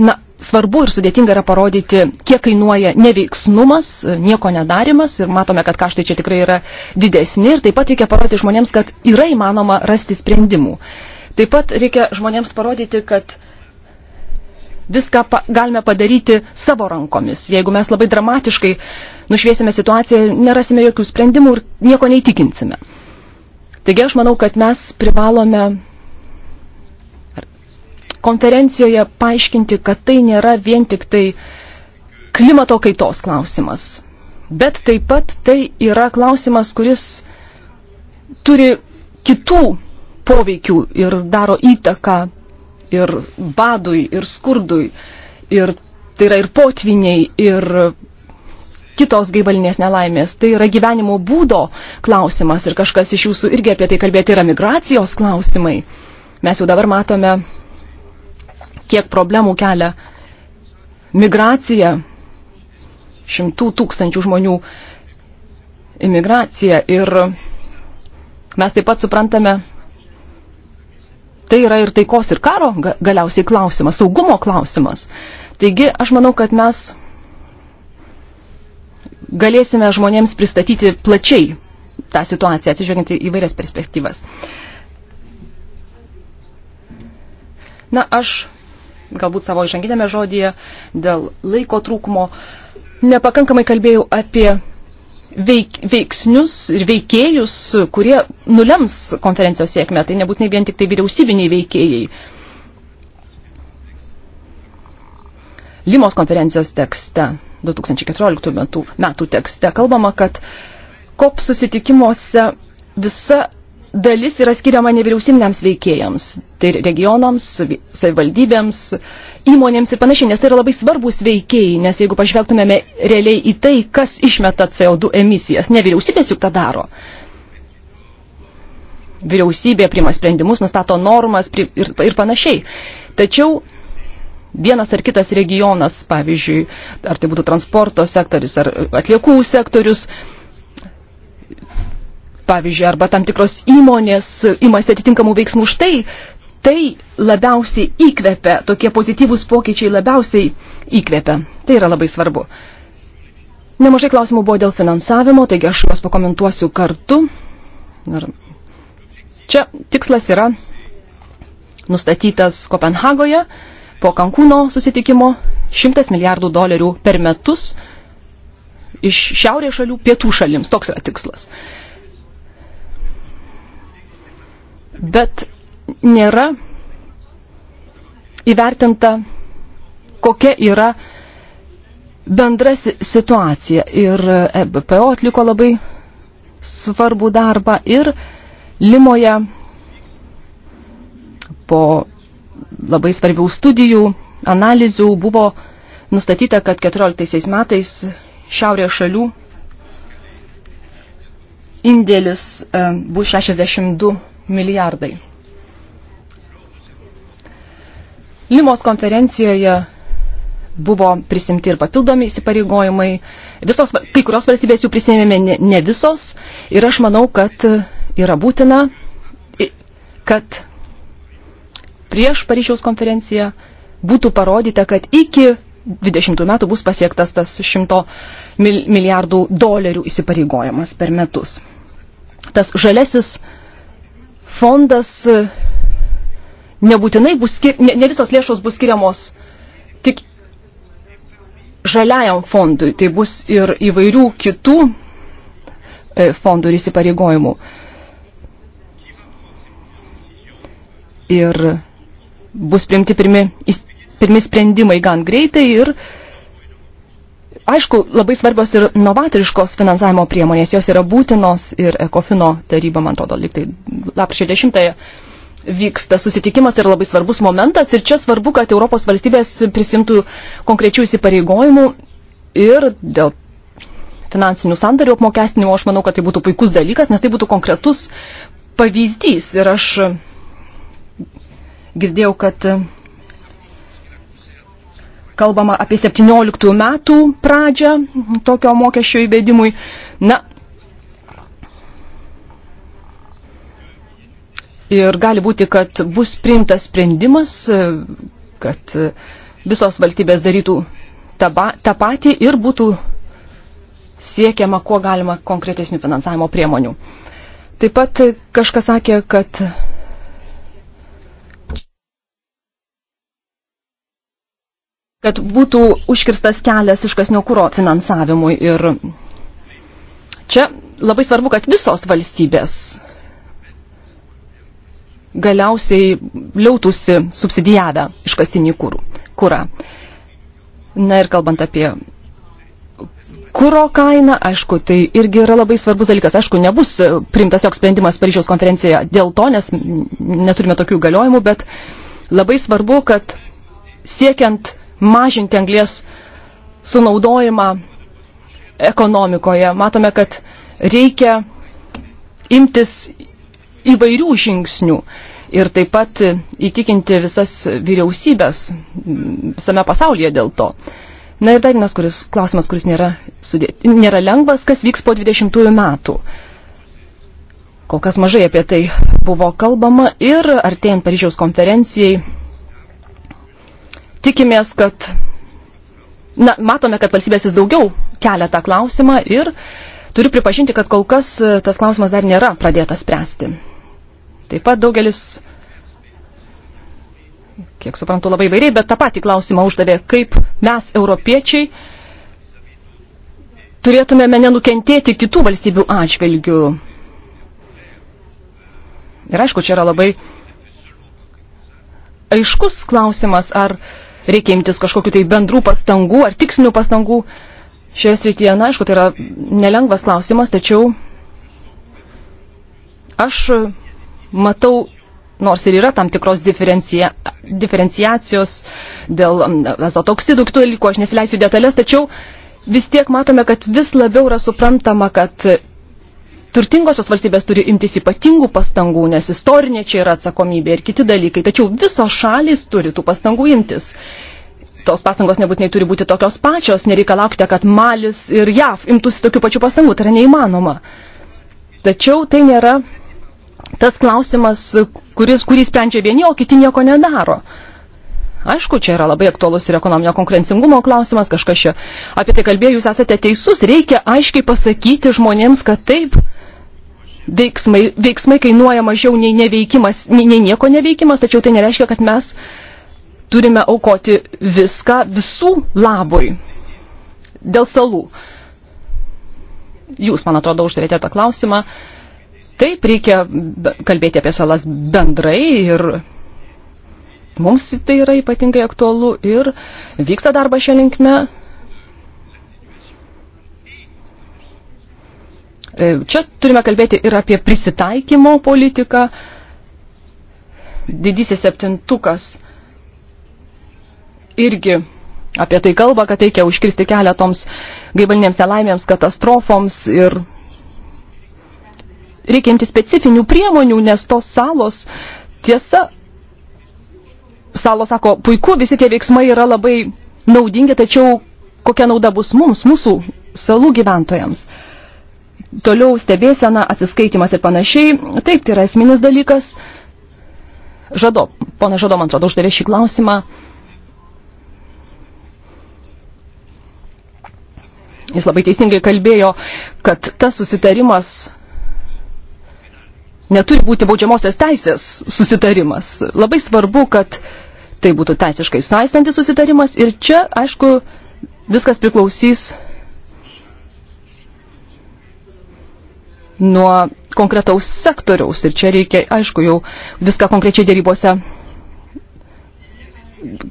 na, svarbu ir sudėtinga yra parodyti, kiek kainuoja neveiksnumas, nieko nedarimas ir matome, kad kaštai čia tikrai yra didesni ir taip pat reikia parodyti žmonėms, kad yra įmanoma rasti sprendimų. Uh, Taip pat reikia žmonėms parodyti, kad viską pa galime padaryti savo rankomis. Jeigu mes labai dramatiškai nušviesime situaciją, nerasime jokių sprendimų ir nieko neįtikinsime. Taigi aš manau, kad mes privalome konferencijoje paaiškinti, kad tai nėra vien tik tai klimato kaitos klausimas. Bet taip pat tai yra klausimas, kuris turi kitų poveikių ir daro įtaką ir badui, ir skurdui, ir tai yra ir potviniai, ir kitos gaivalinės nelaimės. Tai yra gyvenimo būdo klausimas ir kažkas iš jūsų irgi apie tai kalbėti yra migracijos klausimai. Mes jau dabar matome, kiek problemų kelia migracija, šimtų tūkstančių žmonių imigracija ir mes taip pat suprantame, tai yra ir taikos ir karo galiausiai klausimas, saugumo klausimas. Taigi aš manau, kad mes galėsime žmonėms pristatyti plačiai tą situaciją, atsižvelgiant į vairias perspektyvas. Na, aš galbūt savo išanginėme žodėje dėl laiko trūkumo nepakankamai kalbėjau apie veik, veiksnius ir veikėjus, kurie nulems konferencijos sėkmę. Tai nebūtinai vien tik tai vyriausybiniai veikėjai. Limos konferencijos tekste, 2014 metų, metų tekste, kalbama, kad COP susitikimuose visa dalis yra skiriama nevyriausybiniams veikėjams, tai regionams, savivaldybėms, įmonėms ir panašiai, nes tai yra labai svarbus veikiai, nes jeigu pažvelgtumėme realiai į tai, kas išmeta CO2 emisijas, ne vyriausybės juk tą daro. Vyriausybė priima sprendimus, nustato normas pri, ir, ir panašiai. Tačiau vienas ar kitas regionas, pavyzdžiui, ar tai būtų transporto sektorius, ar atliekų sektorius, pavyzdžiui, arba tam tikros įmonės imasi atitinkamų veiksmų štai, tai labiausiai įkvepia, tokie pozityvūs pokyčiai labiausiai įkvepia. Tai yra labai svarbu. Nemažai klausimų buvo dėl finansavimo, taigi aš juos pakomentuosiu kartu. Ir čia tikslas yra nustatytas Kopenhagoje po Kankūno susitikimo 100 milijardų dolerių per metus iš šiaurės šalių pietų šalims. Toks yra tikslas. Bet nėra įvertinta, kokia yra bendra situacija. Ir EBPO atliko labai svarbų darbą ir Limoje po labai svarbių studijų, analizių buvo nustatyta, kad 14 metais šiaurės šalių indėlis e, bus 62 milijardai Limos konferencijoje buvo prisimti ir papildomi įsipareigojimai. Visos, kai kurios valstybės jų prisėmėme ne, ne visos ir aš manau, kad yra būtina, kad prieš Paryžiaus konferenciją būtų parodyta, kad iki 20 metų bus pasiektas tas 100 milijardų dolerių įsipareigojimas per metus. Tas žalesis fondas nebūtinai bus, skir... ne, ne visos lėšos bus skiriamos tik žaliajam fondui, tai bus ir įvairių kitų e, fondų ir įsipareigojimų. Ir bus priimti pirmi, pirmi sprendimai gan greitai ir aišku, labai svarbios ir novatoriškos finansavimo priemonės, jos yra būtinos ir Ekofino taryba, man atrodo, liktai lapkričio 10 vyksta susitikimas, tai yra labai svarbus momentas ir čia svarbu, kad Europos valstybės prisimtų konkrečių įsipareigojimų ir dėl finansinių sandarių apmokestinimo, aš manau, kad tai būtų puikus dalykas, nes tai būtų konkretus pavyzdys ir aš girdėjau, kad kalbama apie 17 metų pradžią tokio mokesčio įvedimui. Na, Ir gali būti, kad bus priimtas sprendimas, e, kad e, visos valstybės darytų tą, tą patį ir būtų siekiama kuo galima konkretesnių finansavimo priemonių. Taip pat kažkas sakė, kad kad būtų užkirstas kelias iškasnio kūro finansavimui ir čia labai svarbu, kad visos valstybės galiausiai liautųsi subsidijavę iškastinį kūrą. Na ir kalbant apie kūro kaina, aišku, tai irgi yra labai svarbus dalykas. Aišku, nebus primtas joks sprendimas Paryžiaus konferencijoje dėl to, nes neturime tokių galiojimų, bet labai svarbu, kad siekiant mažinti anglės sunaudojimą ekonomikoje, matome, kad reikia imtis įvairių žingsnių ir taip pat įtikinti visas vyriausybės visame pasaulyje dėl to. Na ir dar vienas kuris, klausimas, kuris nėra, sudėti, nėra lengvas, kas vyks po 20 metų. Kol kas mažai apie tai buvo kalbama ir artėjant Paryžiaus konferencijai tikimės, kad na, matome, kad valstybės vis daugiau kelia tą klausimą ir turiu pripažinti, kad kol kas tas klausimas dar nėra pradėtas spręsti. Taip pat daugelis, kiek suprantu, labai vairiai, bet tą patį klausimą uždavė, kaip mes, europiečiai, turėtumėme nenukentėti kitų valstybių atžvilgių. Ir aišku, čia yra labai aiškus klausimas, ar reikia imtis kažkokiu tai bendrų pastangų ar tikslinių pastangų šioje srityje. Na, aišku, tai yra nelengvas klausimas, tačiau aš matau, nors ir yra tam tikros diferencija, diferenciacijos dėl mm, azotoksidų, kitų dalykų, aš nesileisiu detalės, tačiau vis tiek matome, kad vis labiau yra suprantama, kad turtingosios valstybės turi imtis ypatingų pastangų, nes istorinė čia yra atsakomybė ir kiti dalykai, tačiau visos šalys turi tų pastangų imtis tos pastangos nebūtinai turi būti tokios pačios, nereikalaukite, kad Malis ir JAV imtųsi tokių pačių pastangų, tai yra neįmanoma. Tačiau tai nėra tas klausimas, kuris, kurį sprendžia vieni, o kiti nieko nedaro. Aišku, čia yra labai aktuolus ir ekonominio konkurencingumo klausimas, kažkas čia apie tai kalbėjo, jūs esate teisus, reikia aiškiai pasakyti žmonėms, kad taip, veiksmai, veiksmai kainuoja mažiau nei neveikimas, nei, nei nieko neveikimas, tačiau tai nereiškia, kad mes turime aukoti viską visų labui dėl salų. Jūs, man atrodo, uždavėte tą klausimą. Uh, Taip, reikia kalbėti apie salas bendrai ir mums tai yra ypatingai aktualu ir vyksta darbas šią linkme. E, čia turime kalbėti ir apie prisitaikymo politiką. Didysis septintukas irgi apie tai kalba, kad reikia užkirsti kelią toms gaivalinėms nelaimėms, katastrofoms ir reikia imti specifinių priemonių, nes tos salos tiesa, salos sako, puiku, visi tie veiksmai yra labai naudingi, tačiau kokia nauda bus mums, mūsų salų gyventojams. Toliau stebėsena, atsiskaitimas ir panašiai. Taip, tai yra esminis dalykas. Žado, pona Žado, man atrodo, uždavė šį klausimą. Jis labai teisingai kalbėjo, kad tas susitarimas neturi būti baudžiamosios teisės susitarimas. Labai svarbu, kad tai būtų teisiškai saistantis susitarimas ir čia, aišku, viskas priklausys nuo konkretaus sektoriaus ir čia reikia, aišku, jau viską konkrečiai dėrybose,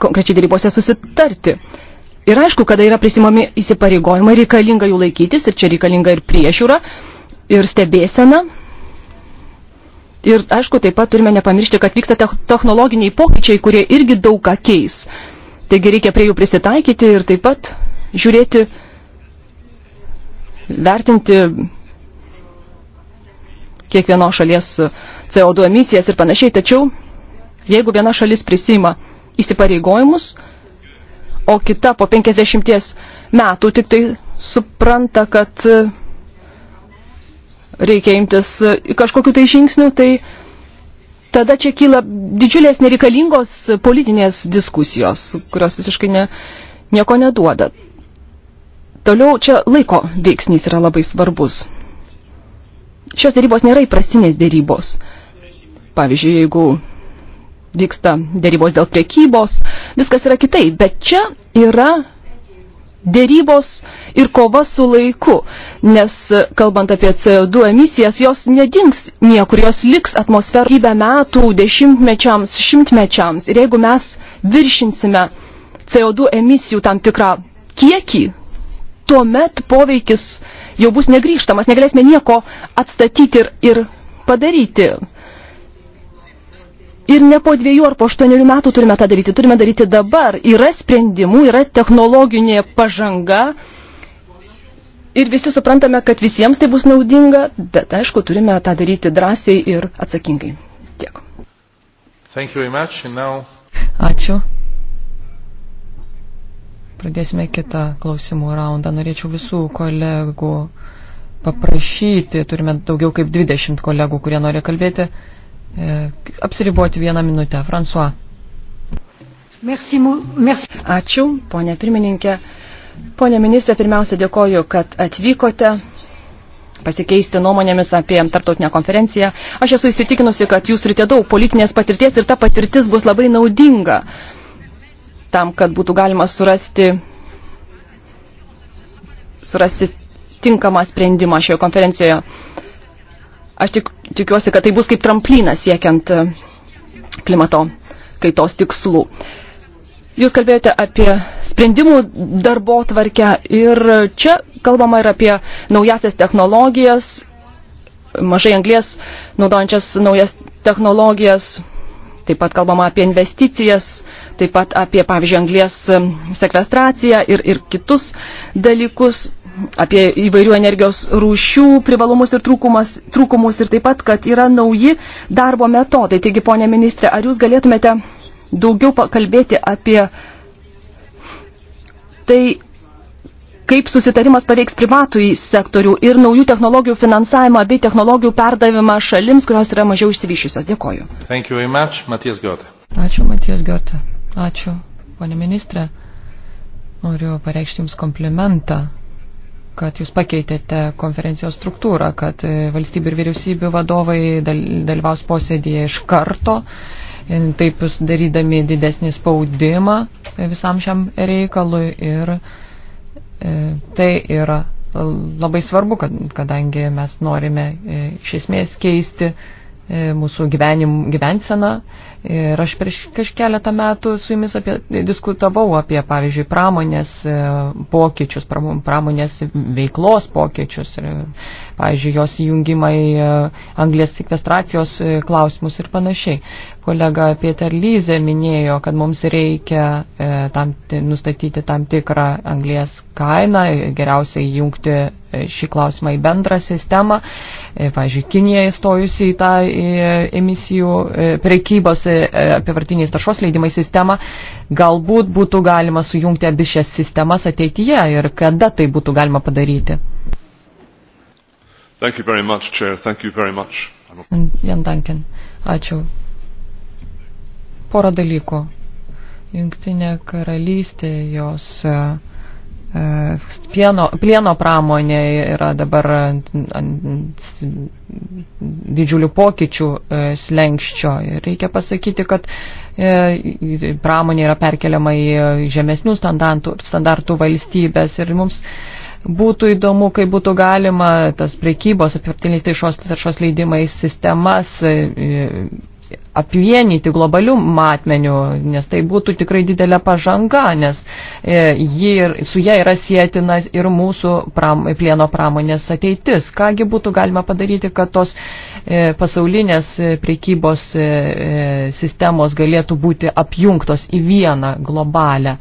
konkrečiai dėrybose susitarti. Ir aišku, kada yra prisimami įsipareigojimai, reikalinga jų laikytis ir čia reikalinga ir priežiūra ir stebėsena Ir aišku, taip pat turime nepamiršti, kad vyksta technologiniai pokyčiai, kurie irgi daug ką keis. Taigi reikia prie jų prisitaikyti ir taip pat žiūrėti, vertinti kiekvienos šalies CO2 emisijas ir panašiai. Tačiau, jeigu viena šalis prisima įsipareigojimus, o kita po 50 metų tik tai supranta, kad reikia imtis e, kažkokiu tai žingsniu, tai tada čia kyla didžiulės nereikalingos politinės diskusijos, kurios visiškai ne, nieko neduoda. Toliau čia laiko veiksnys yra labai svarbus. Šios dėrybos nėra įprastinės dėrybos. Pavyzdžiui, jeigu vyksta dėrybos dėl priekybos, viskas yra kitaip, bet čia yra dėrybos ir kova su laiku, nes e, kalbant apie CO2 emisijas, jos nedings niekur, jos liks atmosferybę metų, dešimtmečiams, šimtmečiams. Ir jeigu mes viršinsime CO2 emisijų tam tikrą kiekį, tuomet poveikis jau bus negrįžtamas, negalėsime nieko atstatyti ir, ir padaryti. Ir ne po dviejų ar po aštuonerių metų turime tą daryti, turime daryti dabar. Yra sprendimų, yra technologinė pažanga ir visi suprantame, kad visiems tai bus naudinga, bet aišku, turime tą daryti drąsiai ir atsakingai. Tiek. Thank you very much. And now... Ačiū. Pradėsime kitą klausimų raundą. Norėčiau visų kolegų paprašyti, turime daugiau kaip 20 kolegų, kurie nori kalbėti E, apsiriboti vieną minutę. François. Merci, merci. Ačiū, ponė pirmininkė. Pone ministrė, pirmiausia dėkoju, kad atvykote pasikeisti nuomonėmis apie tarptautinę konferenciją. Aš esu įsitikinusi, kad jūs turite daug politinės patirties ir ta patirtis bus labai naudinga tam, kad būtų galima surasti, surasti tinkamą sprendimą šioje konferencijoje. Aš tik, tikiuosi, kad tai bus kaip tramplinas siekiant e, klimato kaitos tikslų. Jūs kalbėjote apie sprendimų darbo tvarkę ir čia kalbama ir apie naujasias technologijas, mažai anglės naudojančias naujas technologijas, taip pat kalbama apie investicijas, taip pat apie, pavyzdžiui, anglės e, sekvestraciją ir, ir kitus dalykus apie įvairių energijos rūšių privalumus ir trūkumas, trūkumus ir taip pat, kad yra nauji darbo metodai. Taigi, ponė ministrė, ar jūs galėtumėte daugiau pakalbėti apie tai, kaip susitarimas paveiks privatų į sektorių ir naujų technologijų finansavimą bei technologijų perdavimą šalims, kurios yra mažiau išsivyšiusios. Dėkoju. Thank you very much, Matijas Giote. Ačiū, Matijas Giote. Ačiū, ponė ministrė. Noriu pareikšti Jums komplimentą kad jūs pakeitėte konferencijos struktūrą, kad e, valstybių ir vyriausybių vadovai dalyvaus posėdėje iš karto, e, taip jūs darydami didesnį spaudimą e, visam šiam reikalui ir tai yra labai svarbu, kad, kadangi mes norime iš esmės keisti mūsų gyvenim, gyvenseną, Ir aš prieš keletą metų su jumis apie, diskutavau apie, pavyzdžiui, pramonės e, pokyčius, pramonės veiklos pokyčius. Ir pavyzdžiui, jos įjungimą į e, anglės sekvestracijos e, klausimus ir panašiai. Kolega Pieter Lyze minėjo, kad mums reikia e, tam, nustatyti tam tikrą anglės kainą, geriausiai įjungti šį klausimą į bendrą sistemą. Pavyzdžiui, Kinija įstojusi į tą emisijų prekybos apivartiniais taršos leidimai sistemą. Galbūt būtų galima sujungti abi šias sistemas ateityje ir kada tai būtų galima padaryti. Thank you very much, Chair. Thank you very much. Jan Dankin, ačiū. Porą dalykų. Jungtinė karalystė, jos e, pieno, plieno pramonė yra dabar ant, ant didžiulių pokyčių e, slengščio. Ir reikia pasakyti, kad e, pramonė yra perkeliama į žemesnių standartų, standartų valstybės ir mums Būtų įdomu, kaip būtų galima tas prekybos apivartiniais taršos, taršos leidimais sistemas e, e, apvienyti globalių matmenių, nes tai būtų tikrai didelė pažanga, nes e, ji, su ją yra sėtina ir mūsų pram, plieno pramonės ateitis. Kągi būtų galima padaryti, kad tos pasaulinės prekybos sistemos galėtų būti apjungtos į vieną globalę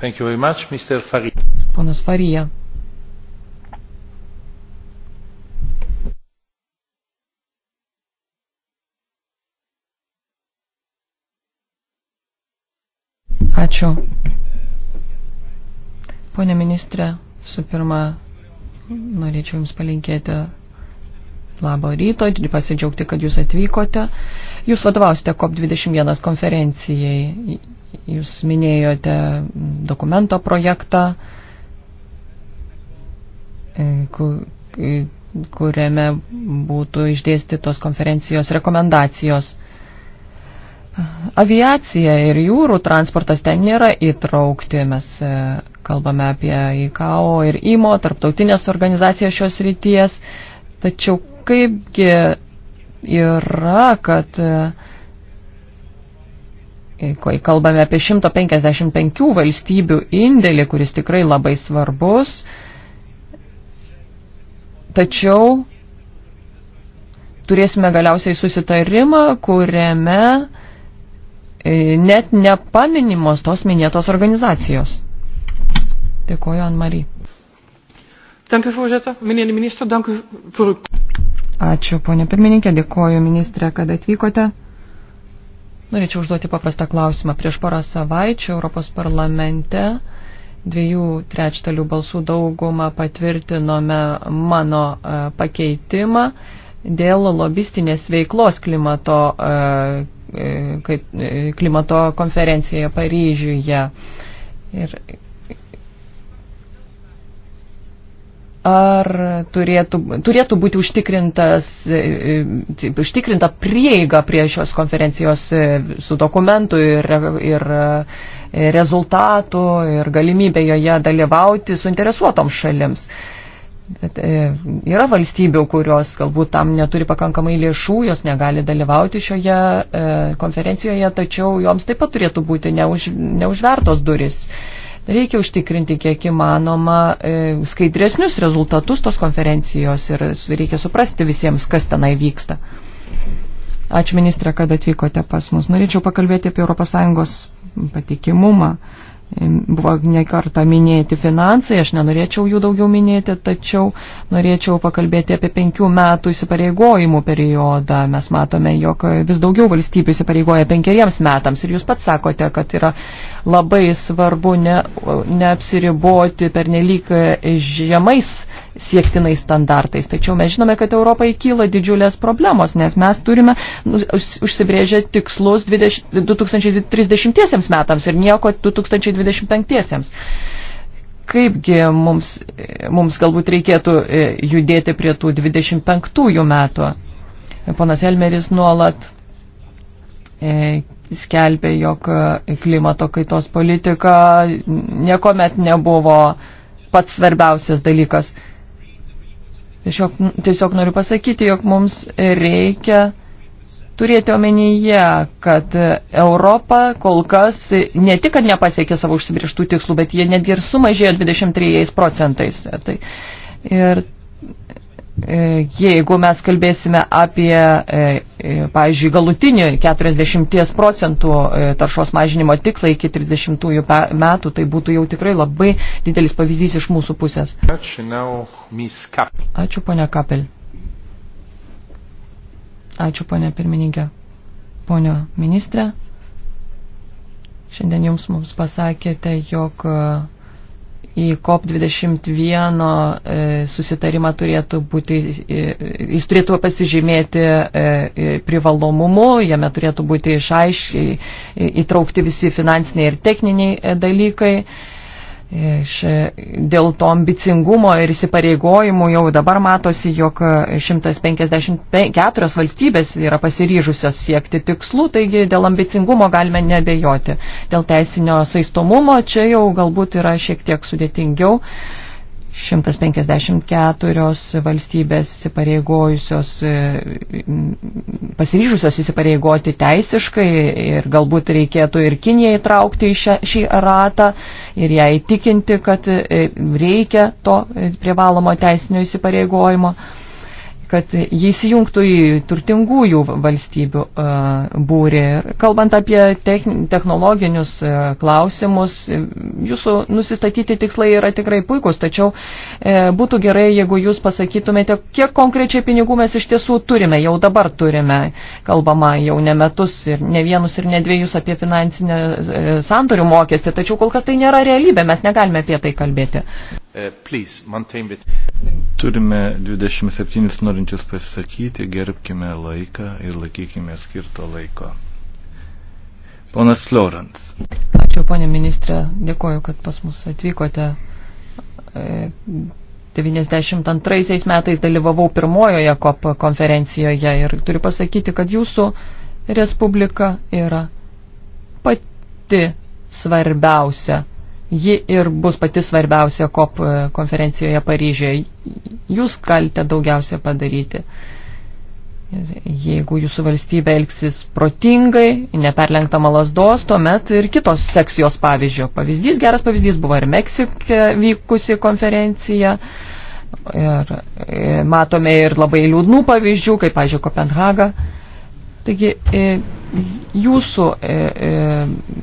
Thank you very much, Mr. Farija. Ponas Farija. Ačiū. Pone ministrė, su pirma, norėčiau Jums palinkėti labo ryto ir pasidžiaugti, kad Jūs atvykote. Jūs vadovausite COP21 konferencijai Jūs minėjote dokumento projektą, e, e, kuriame būtų išdėstytos konferencijos rekomendacijos. Aviacija ir jūrų transportas ten nėra įtraukti. Mes e, kalbame apie ICAO ir IMO, tarptautinės organizacijas šios ryties. Tačiau kaipgi yra, kad uh, kai kalbame apie 155 valstybių indėlį, kuris tikrai labai svarbus, tačiau turėsime galiausiai susitarimą, kuriame e, net nepaminimos tos minėtos organizacijos. Dėkuoju, Anne-Marie. Dank u, voorzitter. Meneer de minister, dank u voor uw... Ačiū, ponė pirmininkė, dėkuoju ministrė, kad atvykote. Norėčiau užduoti paprastą klausimą. Prieš porą savaičių Europos parlamente dviejų trečdalių balsų daugumą patvirtinome mano e, pakeitimą dėl lobistinės veiklos klimato, e, e, klimato konferencijoje Paryžiuje. Ir ar turėtų, turėtų būti užtikrintas, e, e, užtikrinta prieiga prie šios konferencijos e, su dokumentu ir, ir rezultatų ir galimybė joje dalyvauti suinteresuotom šalims. Bet yra valstybių, kurios galbūt tam neturi pakankamai lėšų, jos negali dalyvauti šioje konferencijoje, tačiau joms taip pat turėtų būti neuž, neužvertos duris. Reikia užtikrinti kiek įmanoma e, skaidresnius rezultatus tos konferencijos ir reikia suprasti visiems, kas tenai vyksta. Ačiū ministrė, kad atvykote pas mus. Norėčiau pakalbėti apie ES patikimumą. Buvo nekarta minėti finansai, aš nenorėčiau jų daugiau minėti, tačiau norėčiau pakalbėti apie penkių metų įsipareigojimų periodą. Mes matome, jog vis daugiau valstybių įsipareigoja penkeriems metams ir jūs pats sakote, kad yra labai svarbu ne, neapsiriboti per nelik žemais siektinais standartais. Tačiau mes žinome, kad Europai kyla didžiulės problemos, nes mes turime nu, užsibrėžę tikslus 20, 2030 metams ir nieko 2025. Kaipgi mums, mums galbūt reikėtų e, judėti prie tų 25 metų. Ponas Elmeris nuolat e, skelbė, jog e, klimato kaitos politika niekuomet nebuvo pats svarbiausias dalykas. Tiesiog, tiesiog noriu pasakyti, jog mums reikia turėti omenyje, kad Europa kol kas ne tik, kad nepasiekė savo užsibrieštų tikslų, bet jie netgi ir sumažėjo 23 procentais. Tai, ir E, jeigu mes kalbėsime apie, e, e, pavyzdžiui, galutinį 40 procentų taršos mažinimo tikslą iki 30 metų, tai būtų jau tikrai labai didelis pavyzdys iš mūsų pusės. Ačiū, ponia Kapel. Ačiū, ponia pirmininkė. Ponio ministrė, šiandien jums mums pasakėte, jog į COP21 e, susitarimą turėtų būti, e, jis turėtų pasižymėti e, privalomumu, jame turėtų būti išaiškiai įtraukti visi finansiniai ir techniniai dalykai Iš, dėl to ambicingumo ir įsipareigojimų jau dabar matosi, jog 154 valstybės yra pasiryžusios siekti tikslų, taigi dėl ambicingumo galime nebejoti. Dėl teisinio saistomumo čia jau galbūt yra šiek tiek sudėtingiau. E, 154 valstybės įsipareigojusios, e, pasiryžusios įsipareigoti teisiškai ir galbūt reikėtų ir Kiniją įtraukti į šią, šį ratą ir ją įtikinti, kad e, reikia to e, privalomo teisinio įsipareigojimo kad jį įsijungtų į turtingųjų valstybių e, būrį. Kalbant apie technologinius e, klausimus, e, jūsų nusistatyti tikslai yra tikrai puikus, tačiau būtų gerai, jeigu jūs pasakytumėte, kiek konkrečiai pinigų mes iš tiesų turime, jau dabar turime, kalbama jau ne metus ir ne vienus ir ne dviejus apie finansinę santorių mokestį, tačiau kol kas tai nėra realybė, mes negalime apie tai kalbėti. Uh, please, maintain with. Turime 27 norinčius pasisakyti, gerbkime laiką ir laikykime skirto laiko. Ponas Florans. Ačiū, ponė ministrė, dėkoju, kad pas mus atvykote. 92 e, metais dalyvavau pirmojoje COP konferencijoje ir turiu pasakyti, kad jūsų respublika yra pati svarbiausia ji ir bus pati svarbiausia COP e, konferencijoje Paryžiuje. Jūs galite daugiausia padaryti. Ir jeigu jūsų valstybė elgsis protingai, neperlenkta malasdos, tuomet ir kitos seksijos pavyzdžio. Pavyzdys, geras pavyzdys buvo ir Meksikė vykusi konferencija. Ir e, matome ir labai liūdnų pavyzdžių, kaip, pažiūrėjau, Kopenhaga. Taigi e, jūsų, e, e,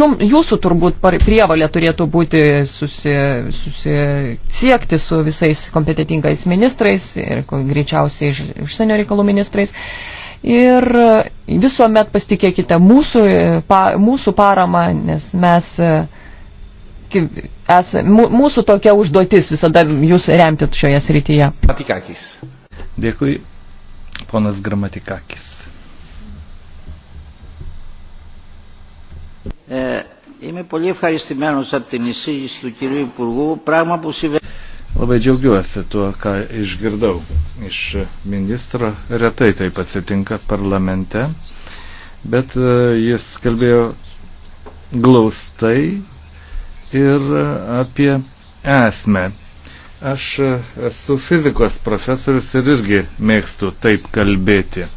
jum, jūsų turbūt prievalė turėtų būti susi, susisiekti su visais kompetitingais ministrais ir greičiausiai užsienio reikalų ministrais. Ir visuomet pasitikėkite mūsų, pa, mūsų paramą, nes mes esame, mūsų tokia užduotis visada jūs remti šioje srityje. Grammatikakis. Dėkui, ponas Gramatikakis. Ε, είμαι πολύ ευχαριστημένος από την εισήγηση του κυρίου Υπουργού, πράγμα που συμβαίνει. Labai džiaugiuosi tuo, ką išgirdau iš ministro. Retai taip atsitinka parlamente, bet e, jis kalbėjo glaustai ir e, apie esmę. Aš e, esu fizikos profesorius ir irgi mėgstu taip kalbėti.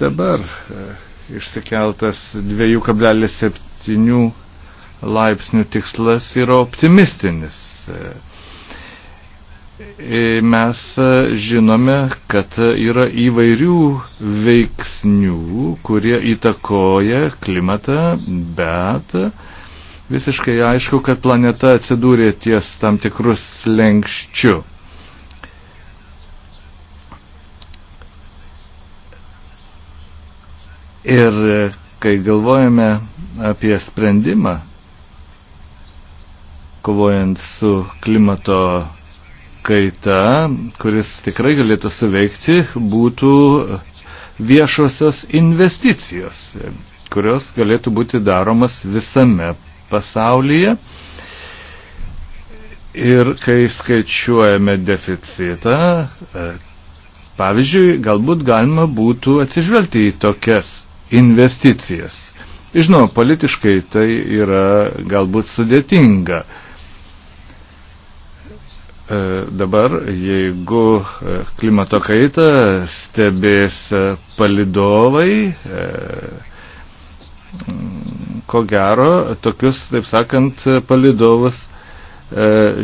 Dabar išsikeltas 2,7 laipsnių tikslas yra optimistinis. E, mes žinome, kad yra įvairių veiksnių, kurie įtakoja klimatą, bet visiškai aišku, kad planeta atsidūrė ties tam tikrus lenkščiu. Ir e, kai galvojame apie sprendimą, kovojant su klimato kaita, kuris tikrai galėtų suveikti, būtų viešosios investicijos, kurios galėtų būti daromas visame pasaulyje. Ir kai skaičiuojame deficitą, e, pavyzdžiui, galbūt galima būtų atsižvelgti į tokias investicijas. Žinau, politiškai tai yra galbūt sudėtinga. E, dabar, jeigu e, klimato kaitą stebės palidovai, e, ko gero, tokius, taip sakant, palidovus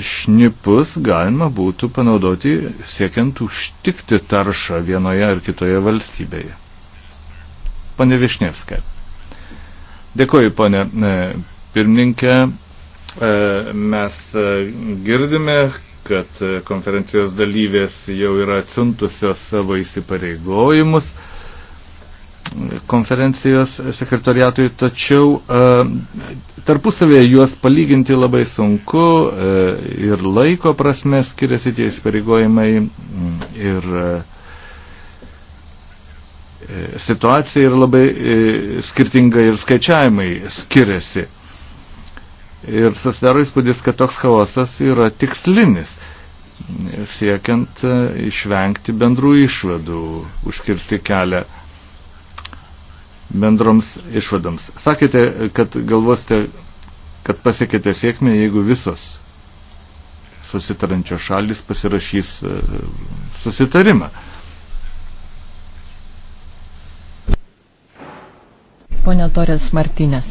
šnipus galima būtų panaudoti siekiant užtikti taršą vienoje ar kitoje valstybėje. Pane Višnievska. Dėkuoju, pane e, pirmininkė. E, mes e, girdime, kad konferencijos dalyvės jau yra atsintusios savo įsipareigojimus konferencijos sekretoriatui, tačiau tarpusavėje juos palyginti labai sunku ir laiko prasme skiriasi tie įsipareigojimai mm, ir E, situacija yra labai e, skirtinga ir skaičiavimai skiriasi. Ir susidaro įspūdis, kad toks chaosas yra tikslinis, siekiant e, išvengti bendrų išvadų, užkirsti kelią bendroms išvadoms. Sakėte, kad galvosite, kad pasiekėte sėkmę, jeigu visos susitarančios šalis pasirašys susitarimą. Pone Torės Martinės.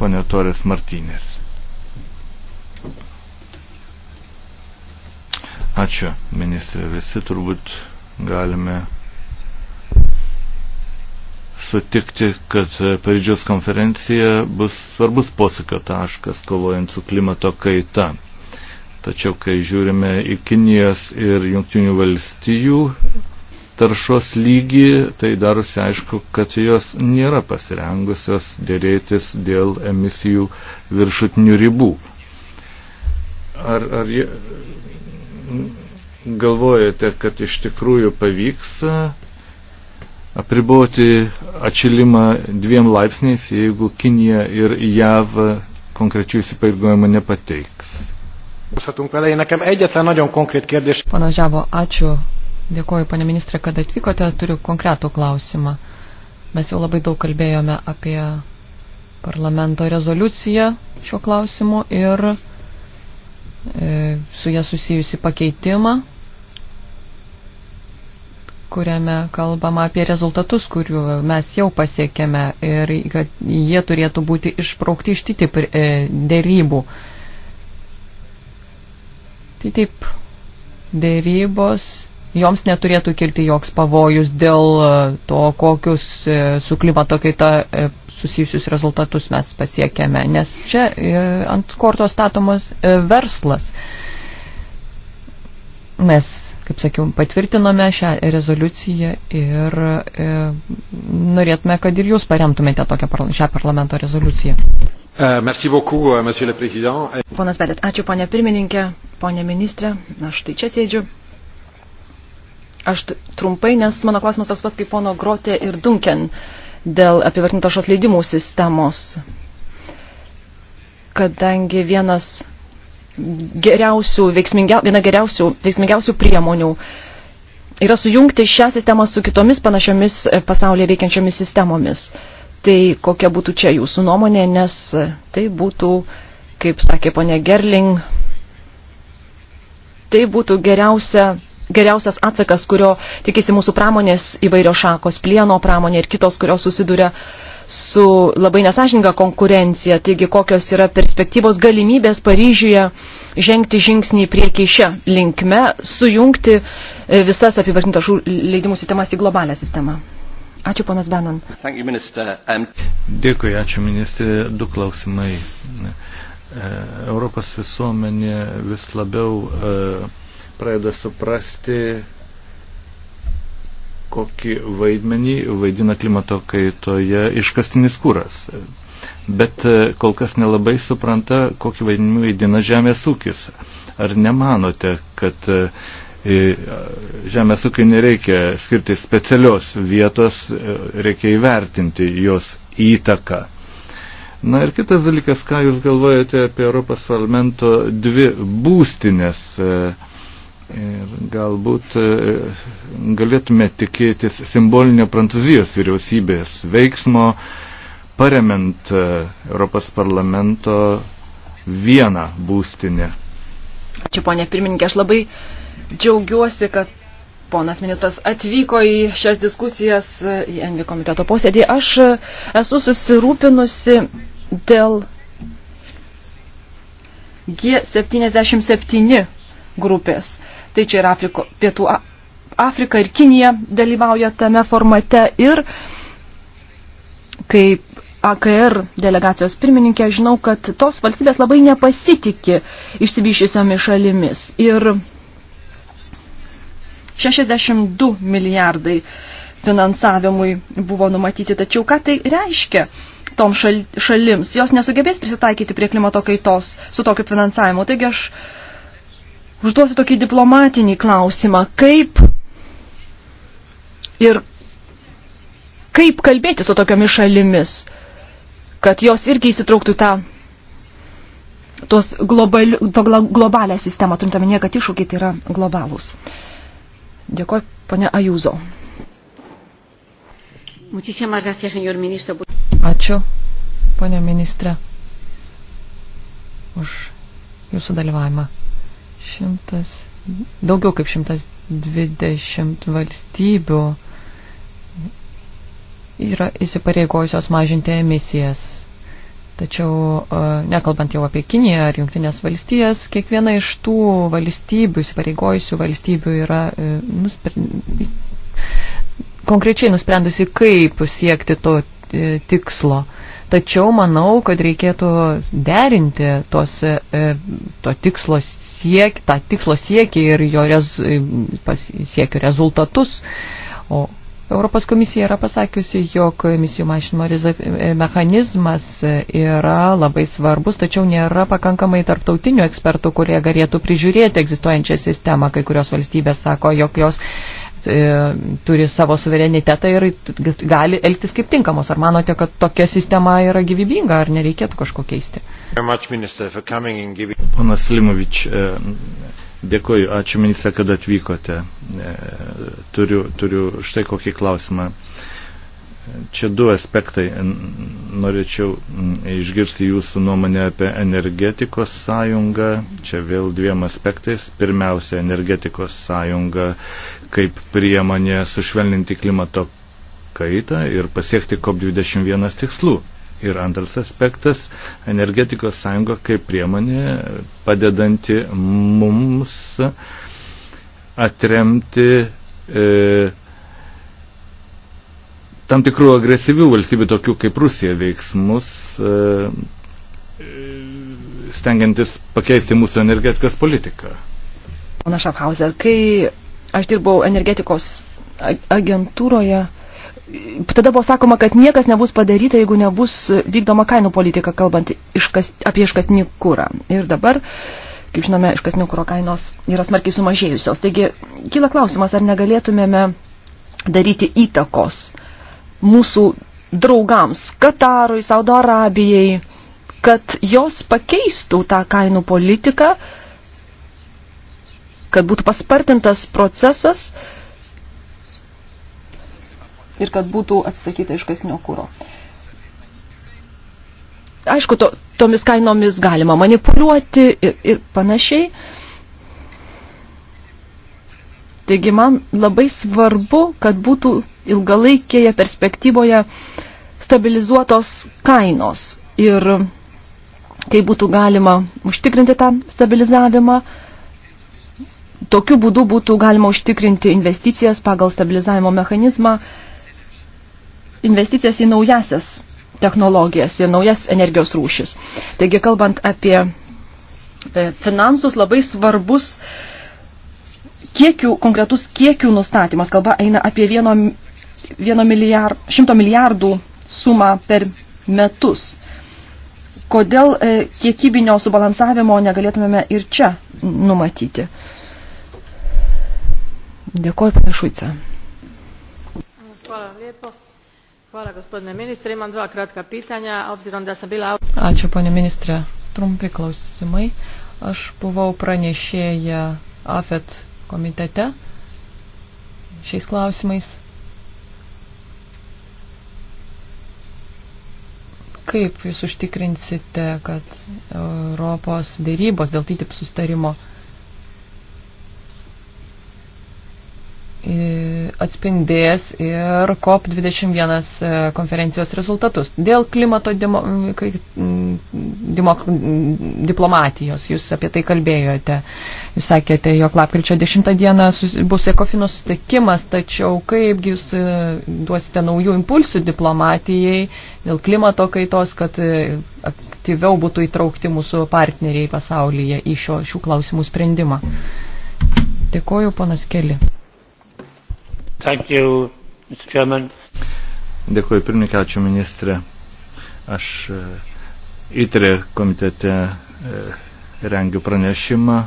Pone Torės Martinės. Ačiū, ministrė. Visi turbūt galime sutikti, kad Paryžiaus konferencija bus svarbus posūkio taškas kovojant su klimato kaita. Tačiau, kai žiūrime į Kinijos ir Junktinių valstijų taršos lygį, tai darosi aišku, kad jos nėra pasirengusios dėrėtis dėl emisijų viršutinių ribų. Ar, ar jie, galvojate, kad iš tikrųjų pavyks apriboti atšilimą dviem laipsniais, jeigu Kinija ir JAV konkrečių įsipareigojimų nepateiks? Panas Žavo, ačiū Dėkuoju, pane ministrė, kad atvykote. Turiu konkretų klausimą. Mes jau labai daug kalbėjome apie parlamento rezoliuciją šiuo klausimu ir e, su ją susijusi pakeitimą, kuriame kalbama apie rezultatus, kurių mes jau pasiekėme ir kad jie turėtų būti išbraukti iš TTIP e, dėrybų. Tai taip, dėrybos joms neturėtų kilti joks pavojus dėl e, to, kokius e, su klimato kaita e, susijusius rezultatus mes pasiekėme, nes čia ant kortos statomas verslas. Mes, kaip sakiau, patvirtinome šią rezoliuciją ir e, norėtume, kad ir jūs paremtumėte tokią, šią parlamento rezoliuciją. Euh, beaucoup, euh, Ponas Betit, ačiū ponė pirmininkė, ponė ministrė, aš tai čia sėdžiu. Aš trumpai, nes mano klausimas toks pats kaip pono Grotė ir Dunken dėl apivartintos šios leidimų sistemos. Kadangi vienas geriausių, veiksmingia, viena geriausių, veiksmingiausių priemonių yra sujungti šią sistemą su kitomis panašiomis e, pasaulyje veikiančiomis sistemomis. Tai kokia būtų čia jūsų nuomonė, nes tai būtų, kaip sakė ponė Gerling, tai būtų geriausia geriausias atsakas, kurio tikisi mūsų pramonės įvairios šakos, plieno pramonė ir kitos, kurios susiduria su labai nesažininga konkurencija. Taigi, kokios yra perspektyvos galimybės Paryžiuje žengti žingsnį priekį šią linkme, sujungti e, visas apivartintų tašų leidimų sistemas į globalią sistemą. Ačiū, ponas Benon. Um, Dėkui, ačiū, ministrė. Du klausimai. E, Europos visuomenė vis labiau uh, pradeda suprasti, kokį vaidmenį vaidina klimato kaitoje iškastinis kūras. Bet e, kol kas nelabai supranta, kokį vaidmenį vaidina žemės ūkis. Ar nemanote, kad e, žemės ūkiai nereikia skirti specialios vietos, e, reikia įvertinti jos įtaką? Na ir kitas dalykas, ką Jūs galvojate apie Europos parlamento dvi būstinės Ir galbūt e, galėtume tikėtis simbolinio Prancūzijos vyriausybės veiksmo, paremint e, Europos parlamento vieną būstinę. Ačiū, ponė pirmininkė, aš labai džiaugiuosi, kad ponas ministras atvyko į šias diskusijas e, į NV komiteto posėdį. Aš esu susirūpinusi dėl G77 grupės. Tai čia yra Afriko, Pietų Afrika ir Kinija dalyvauja tame formate ir kaip AKR delegacijos pirmininkė, žinau, kad tos valstybės labai nepasitiki išsivyšiusiomis šalimis. Ir 62 milijardai finansavimui buvo numatyti, tačiau ką tai reiškia? tom šal, šalims. Jos nesugebės prisitaikyti prie klimato kaitos su tokiu finansavimu. Taigi aš uh, užduosiu tokį diplomatinį klausimą. Kaip ir kaip kalbėti su tokiomis šalimis, kad jos irgi įsitrauktų tą tos global, to globalę sistemą, turint omenyje, kad iššūkiai tai yra globalūs. Dėkuoju, ponia Ajūzo. Ačiū, ponia ministrė, už jūsų dalyvavimą. Šimtas, daugiau kaip 120 valstybių yra įsipareigojusios mažinti emisijas. Tačiau, e, nekalbant jau apie Kiniją ar Junktinės valstijas, kiekviena iš tų valstybių, įsipareigojusių valstybių yra e, nuspre... konkrečiai nusprendusi, kaip siekti to e, tikslo. Tačiau manau, kad reikėtų derinti tos, e, to tikslo siek, tą tikslo siekį ir jo rez, e, siekio rezultatus. O Europos komisija yra pasakiusi, jog emisijų mažinimo e, mechanizmas yra labai svarbus, tačiau nėra pakankamai tarptautinių ekspertų, kurie galėtų prižiūrėti egzistuojančią sistemą. Kai kurios valstybės sako, jog jos E, turi savo suverenitetą ir gali elgtis kaip tinkamos. Ar manote, kad tokia sistema yra gyvybinga, ar nereikėtų kažko keisti? Panas Limovič, e, dėkoju, ačiū ministrė, kad atvykote. E, turiu, turiu štai kokį klausimą. Čia du aspektai. Norėčiau išgirsti jūsų nuomonę apie energetikos sąjungą. Čia vėl dviem aspektais. Pirmiausia, energetikos sąjunga kaip priemonė sušvelninti klimato kaitą ir pasiekti COP21 tikslų. Ir antras aspektas - energetikos sąjunga kaip priemonė padedanti mums atremti e, tam tikrų agresyvių valstybių, tokių kaip Rusija, veiksmus, e, stengiantis pakeisti mūsų energetikos politiką. Pana Šafhauser, kai Aš dirbau energetikos agentūroje. Tada buvo sakoma, kad niekas nebus padaryta, jeigu nebus vykdoma kainų politika, kalbant iškas, apie iškasnį kūrą. Ir dabar, kaip žinome, iškasnio kūro kainos yra smarkiai sumažėjusios. Taigi, kyla klausimas, ar negalėtumėme daryti įtakos mūsų draugams, Katarui, Saudo Arabijai, kad jos pakeistų tą kainų politiką, uh, kad būtų paspartintas procesas ir kad būtų atsisakyta iškasnio kūro. Aišku, to, tomis kainomis galima manipuliuoti ir, ir panašiai. Taigi man labai svarbu, kad būtų ilgalaikėje perspektyvoje stabilizuotos kainos ir kai būtų galima užtikrinti tą stabilizavimą, tokiu būdu būtų galima užtikrinti investicijas pagal stabilizavimo mechanizmą, investicijas į naujasias technologijas, į naujas energijos rūšis. Taigi, kalbant apie e, finansus, labai svarbus kiekių, konkretus kiekių nustatymas. Kalba eina apie vieno, vieno milijard, šimto milijardų sumą per metus. Kodėl e, kiekybinio subalansavimo negalėtumėme ir čia numatyti? Dėkuoju, pana Šuica. Ačiū, ponė ministrė. Trumpi klausimai. Aš buvau pranešėję AFET komitete šiais klausimais. Kaip jūs užtikrinsite, kad Europos dėrybos dėl TTIP sustarimo atspindės ir COP21 e, konferencijos rezultatus. Dėl klimato dimo, kai, dimo, diplomatijos, jūs apie tai kalbėjote, jūs sakėte, jog lapkričio 10 dieną bus ekofino sustikimas, tačiau kaipgi jūs e, duosite naujų impulsų diplomatijai dėl klimato kaitos, kad e, aktyviau būtų įtraukti mūsų partneriai pasaulyje į šio, šių klausimų sprendimą. Dėkoju, panas Keli. You, Dėkuoju, pirmininkė, ačiū ministrė. Aš įtrė e, komitete e, rengiu pranešimą.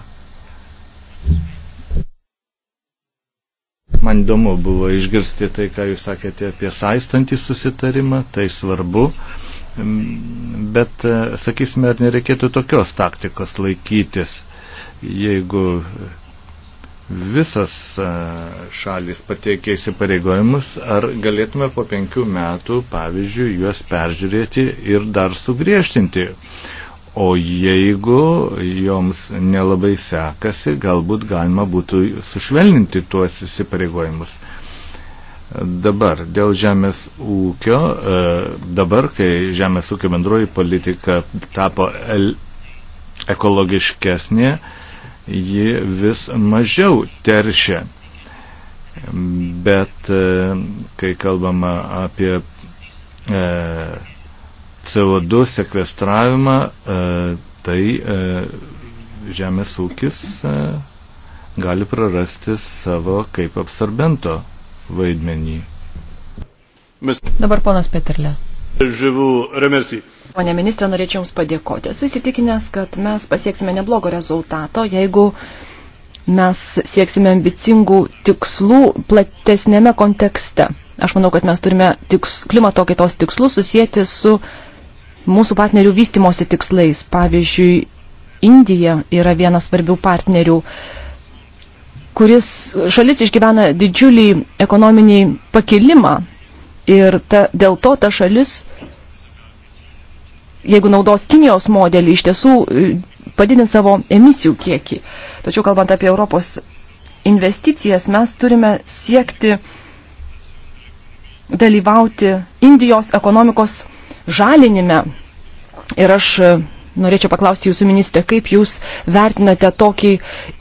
Man įdomu buvo išgirsti tai, ką jūs sakėte apie saistantį susitarimą, tai svarbu. Bet, e, sakysime, ar nereikėtų tokios taktikos laikytis, jeigu visas e, šalis pateikė įsipareigojimus, ar galėtume po penkių metų, pavyzdžiui, juos peržiūrėti ir dar sugriežtinti. O jeigu joms nelabai sekasi, galbūt galima būtų sušvelninti tuos įsipareigojimus. Dabar dėl žemės ūkio, e, dabar, kai žemės ūkio bendroji politika tapo ekologiškesnė, ji vis mažiau teršia. Bet e, kai kalbama apie e, CO2 sekvestravimą, e, tai žemės ūkis gali prarasti savo kaip absorbento vaidmenį. Dabar ponas Peterle. Pone ministrė, norėčiau Jums padėkoti. Esu įsitikinęs, kad mes pasieksime neblogo rezultato, jeigu mes sieksime ambicingų tikslų platesnėme kontekste. Aš manau, kad mes turime tiks, klimato kaitos tikslus susijęti su mūsų partnerių vystimosi tikslais. Pavyzdžiui, Indija yra vienas svarbių partnerių, kuris šalis išgyvena didžiulį ekonominį pakilimą Ir ta, dėl to ta šalis, jeigu naudos Kinijos modelį, iš tiesų e, padidins savo emisijų kiekį. Tačiau kalbant apie Europos investicijas, mes turime siekti dalyvauti Indijos ekonomikos žalinime. Ir aš e, norėčiau paklausti jūsų ministrė, kaip jūs vertinate tokį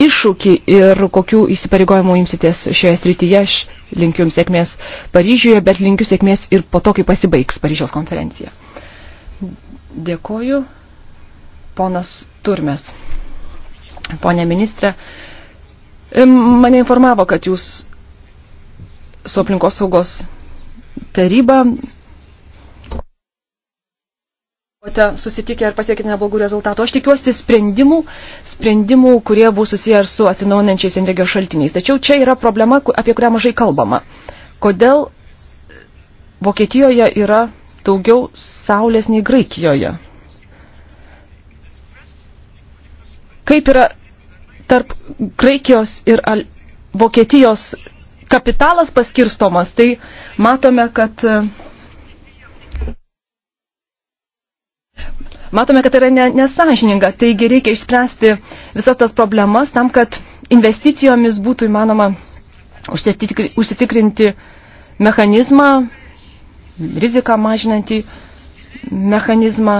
iššūkį ir kokių įsipareigojimų imsitės šioje srityje linkiu jums sėkmės Paryžiuje, bet linkiu sėkmės ir po to, kai pasibaigs Paryžiaus konferencija. Dėkoju, ponas Turmes. Pone ministrė, mane informavo, kad jūs su aplinkos saugos taryba buvote susitikę ir pasiekite neblogų rezultatų. Aš tikiuosi sprendimų, sprendimų, kurie bus susiję ir su atsinaujinančiais energijos šaltiniais. Tačiau čia yra problema, apie kurią mažai kalbama. Kodėl Vokietijoje yra daugiau saulės nei Graikijoje? Kaip yra tarp Graikijos ir Al Vokietijos kapitalas paskirstomas, tai matome, kad uh, Matome, kad tai yra nesažininga, taigi reikia išspręsti visas tas problemas tam, kad investicijomis būtų įmanoma užsitikrinti mechanizmą, riziką mažinantį mechanizmą,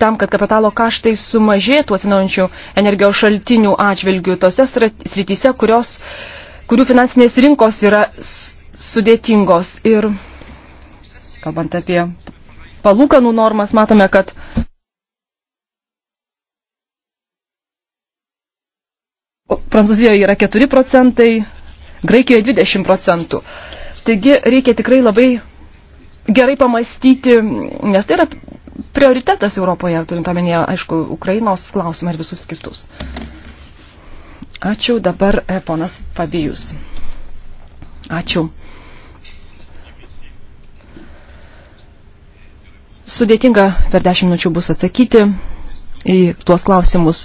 tam, kad kapitalo kaštai sumažėtų atsinaujančių energijos šaltinių atžvilgių tose srityse, kurios, kurių finansinės rinkos yra sudėtingos. Ir kalbant apie palūkanų normas, matome, kad Prancūzijoje yra 4 procentai, Graikijoje 20 procentų. Taigi reikia tikrai labai gerai pamastyti, nes tai yra prioritetas Europoje, turint omenyje, aišku, Ukrainos klausimą ir visus kitus. Ačiū dabar e, ponas Fabijus. Ačiū. Sudėtinga per dešimt minučių bus atsakyti į tuos klausimus,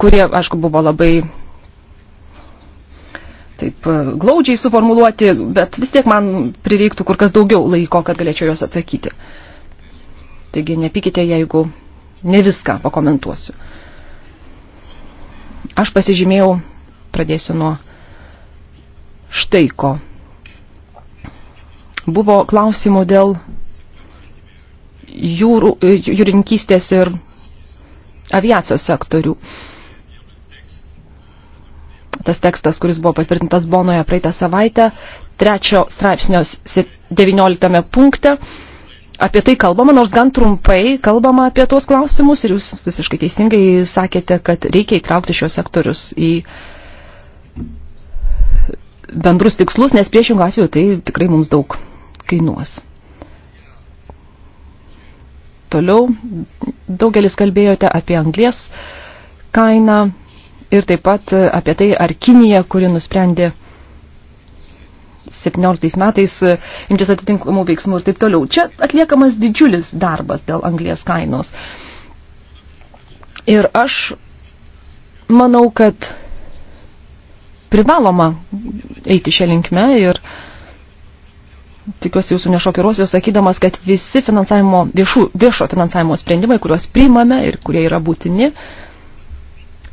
kurie, aišku, buvo labai taip e, glaudžiai suformuluoti, bet vis tiek man prireiktų kur kas daugiau laiko, kad galėčiau juos atsakyti. Taigi nepykite, jeigu ne viską pakomentuosiu. Aš pasižymėjau, pradėsiu nuo štai ko. Buvo klausimų dėl jūrų, e, jūrininkystės ir aviacijos sektorių. Tas tekstas, kuris buvo patvirtintas Bonoje praeitą savaitę, trečio straipsnio 19 punkte, apie tai kalbama, nors gan trumpai kalbama apie tuos klausimus ir jūs visiškai teisingai sakėte, kad reikia įtraukti šios sektorius į bendrus tikslus, nes priešingų atveju tai tikrai mums daug kainuos. Toliau daugelis kalbėjote apie anglės kainą ir taip pat e, apie tai, ar Kinija, kuri nusprendė 17 metais e, imtis atitinkamų veiksmų ir taip toliau. Čia atliekamas didžiulis darbas dėl anglės kainos. Ir aš manau, kad privaloma eiti šią linkmę ir uh, tikiuosi jūsų nešokiruosiu, sakydamas, kad visi finansavimo, viešų, viešo finansavimo sprendimai, kuriuos priimame ir kurie yra būtini,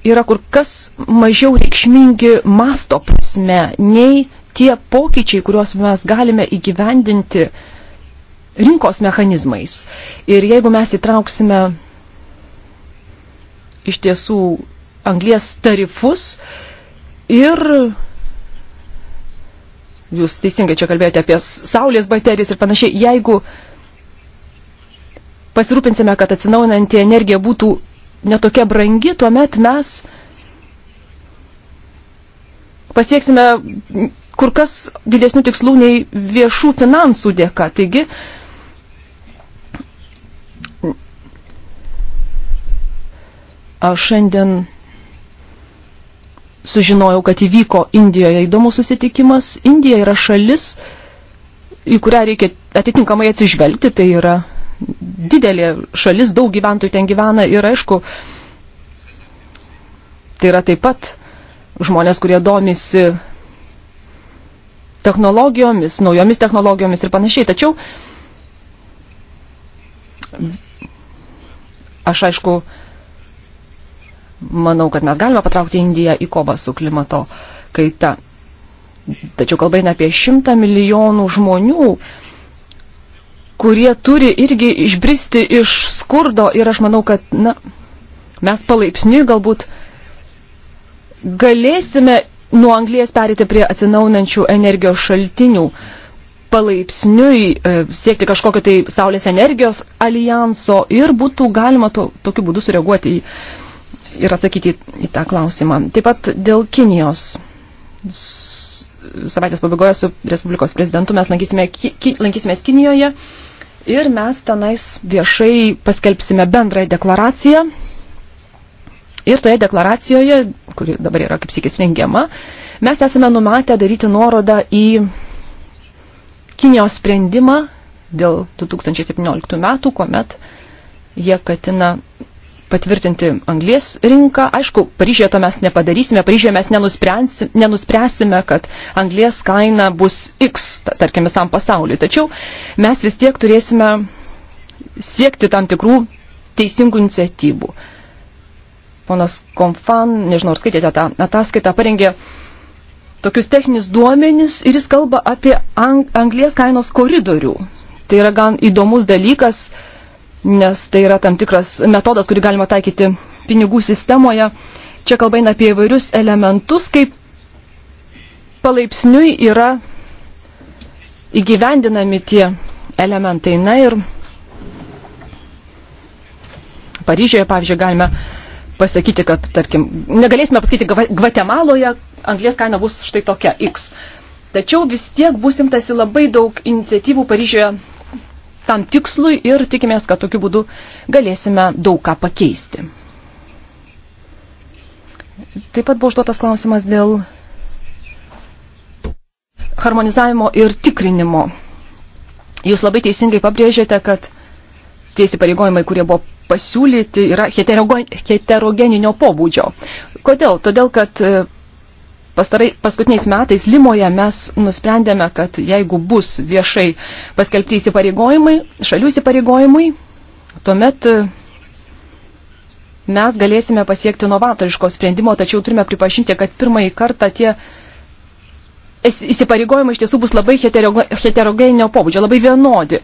yra kur kas mažiau reikšmingi masto prasme, nei tie pokyčiai, kuriuos mes galime įgyvendinti rinkos mechanizmais. Ir jeigu mes įtrauksime iš tiesų anglies tarifus ir jūs teisingai čia kalbėjote apie saulės baterijas ir panašiai, jeigu pasirūpinsime, kad atsinaujinanti energija būtų netokia brangi, tuomet mes pasieksime kur kas didesnių tikslų nei viešų finansų dėka. Taigi, aš šiandien sužinojau, kad įvyko Indijoje įdomus susitikimas. Indija yra šalis, į kurią reikia atitinkamai atsižvelgti, tai yra didelė šalis, daug gyventojų ten gyvena ir aišku, tai yra taip pat žmonės, kurie domisi technologijomis, naujomis technologijomis ir panašiai. Tačiau aš aišku, manau, kad mes galime patraukti Indiją į kovą su klimato kaita. Tačiau kalba eina apie šimtą milijonų žmonių, kurie turi irgi išbristi iš skurdo ir aš manau, kad na, mes palaipsniui galbūt galėsime nuo anglies perėti prie atsinaunančių energijos šaltinių, palaipsniui e, siekti kažkokio tai saulės energijos alijanso ir būtų galima to, tokiu būdu sureaguoti į ir atsakyti į tą klausimą. Taip pat dėl Kinijos. Savaitės pabaigoje su Respublikos prezidentu mes lankysime, ki, lankysimės Kinijoje ir mes tenais viešai paskelbsime bendrąją deklaraciją. Ir toje deklaracijoje, kuri dabar yra kaip sikis rengiama, mes esame numatę daryti nuorodą į Kinijos sprendimą dėl 2017 metų, kuomet jie katina patvirtinti anglies rinką. Aišku, Paryžėje to mes nepadarysime, Paryžėje mes nenuspręsime, kad anglies kaina bus X, tarkim, visam pasauliu. Tačiau mes vis tiek turėsime siekti tam tikrų teisingų iniciatyvų. Ponas Konfan, nežinau, ar skaitėte tą ataskaitą, parengė tokius techninius duomenis ir jis kalba apie ang anglies kainos koridorių. Tai yra gan įdomus dalykas, nes tai yra tam tikras metodas, kurį galima taikyti pinigų sistemoje. Čia kalba eina apie įvairius elementus, kaip palaipsniui yra įgyvendinami tie elementai. Na ir Paryžioje, pavyzdžiui, galime pasakyti, kad, tarkim, negalėsime pasakyti, Gvatemaloje anglės kaina bus štai tokia, X. Tačiau vis tiek bus imtasi labai daug iniciatyvų Paryžioje tam tikslui ir tikimės, kad tokiu būdu galėsime daug ką pakeisti. Taip pat buvo užduotas klausimas dėl harmonizavimo ir tikrinimo. Jūs labai teisingai pabrėžėte, kad tie įsipareigojimai, kurie buvo pasiūlyti, yra heterogeninio pobūdžio. Kodėl? Todėl, kad e, Pastarai, paskutiniais metais Limoje mes nusprendėme, kad jeigu bus viešai paskelbti įsipareigojimai, šalių įsipareigojimai, tuomet e, mes galėsime pasiekti novatoriško sprendimo, tačiau turime pripažinti, kad pirmąjį kartą tie įsipareigojimai iš tiesų bus labai heterogeninio pobūdžio, labai vienodi.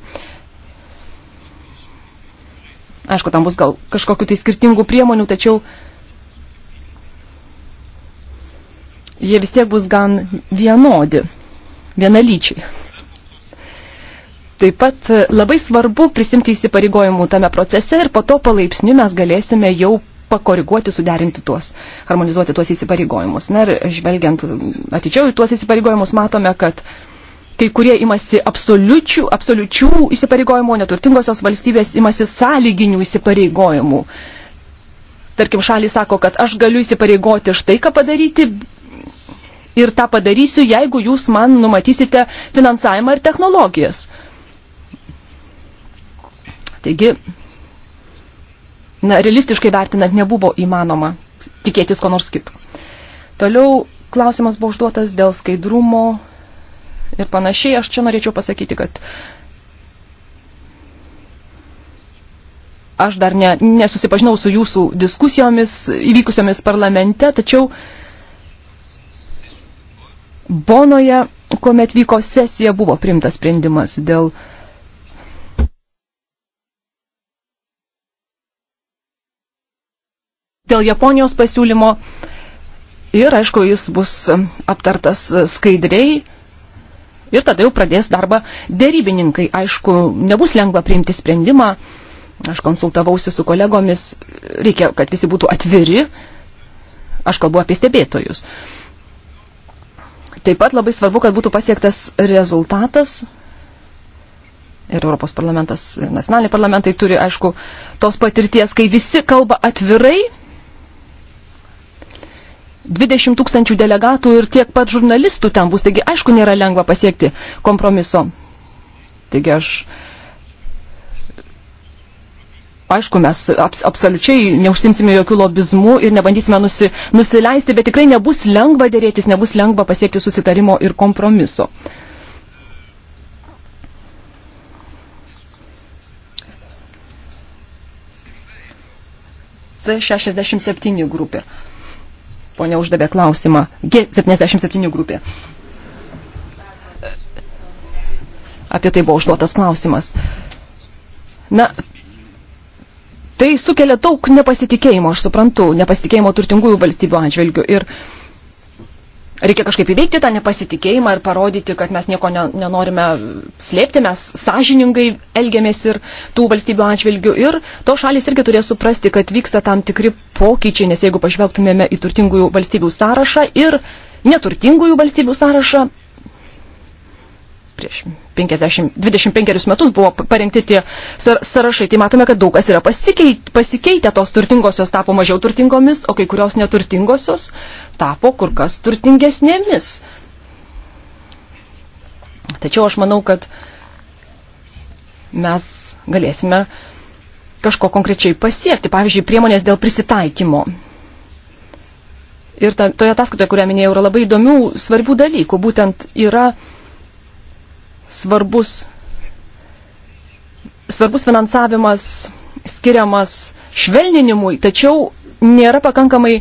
Aišku, tam bus gal kažkokiu tai skirtingų priemonių, tačiau jie vis tiek bus gan vienodi, vienalyčiai. Taip pat e, labai svarbu prisimti įsipareigojimų tame procese ir po to palaipsniui mes galėsime jau pakoriguoti, suderinti tuos, harmonizuoti tuos įsipareigojimus. Na ir žvelgiant atidžiau į tuos įsipareigojimus matome, kad kai kurie imasi absoliučių, absoliučių įsipareigojimų, neturtingosios valstybės imasi sąlyginių įsipareigojimų. Tarkim, šalis sako, kad aš galiu įsipareigoti štai ką padaryti, ir tą padarysiu, jeigu jūs man numatysite finansavimą ir technologijas. Taigi, na, realistiškai vertinant nebuvo įmanoma tikėtis ko nors kito. Toliau klausimas buvo užduotas dėl skaidrumo ir panašiai. Aš čia norėčiau pasakyti, kad aš dar ne, nesusipažinau su jūsų diskusijomis įvykusiomis parlamente, tačiau uh, Bonoje, kuomet vyko sesija, buvo primtas sprendimas dėl dėl Japonijos pasiūlymo ir, aišku, jis bus aptartas skaidriai ir tada jau pradės darbą dėrybininkai. Aišku, nebus lengva priimti sprendimą, aš konsultavausi su kolegomis, reikia, kad visi būtų atviri, aš kalbu apie stebėtojus. Taip pat labai svarbu, kad būtų pasiektas rezultatas ir Europos parlamentas, nacionaliniai parlamentai turi, aišku, tos patirties, kai visi kalba atvirai, 20 tūkstančių delegatų ir tiek pat žurnalistų ten bus, taigi aišku, nėra lengva pasiekti kompromiso. Taigi aš Aišku, mes abs absoliučiai neužsimsime jokių lobizmų ir nebandysime nusi nusileisti, bet tikrai nebus lengva dėrėtis, nebus lengva pasiekti susitarimo ir kompromiso. C67 grupė. Pone uždavė klausimą. G77 grupė. Apie tai buvo užduotas klausimas. Na, Tai sukelia daug nepasitikėjimo, aš suprantu, nepasitikėjimo turtingųjų valstybių atžvilgių. Ir reikia kažkaip įveikti tą nepasitikėjimą ir parodyti, kad mes nieko ne, nenorime slėpti, mes sąžiningai elgiamės ir tų valstybių atžvilgių. Ir to šalis irgi turės suprasti, kad vyksta tam tikri pokyčiai, nes jeigu pažvelgtumėme į turtingųjų valstybių sąrašą ir neturtingųjų valstybių sąrašą, prieš 50, 25 metus buvo parengti tie sąrašai, tai matome, kad daug kas yra pasikeitę, pasikeitę, tos turtingosios tapo mažiau turtingomis, o kai kurios neturtingosios tapo kur kas turtingesnėmis. Tačiau aš manau, kad mes galėsime kažko konkrečiai pasiekti, pavyzdžiui, priemonės dėl prisitaikymo. Ir ta, toje ataskaitoje, kurią minėjau, yra labai įdomių, svarbių dalykų. Būtent yra svarbus, svarbus finansavimas skiriamas švelninimui, tačiau nėra pakankamai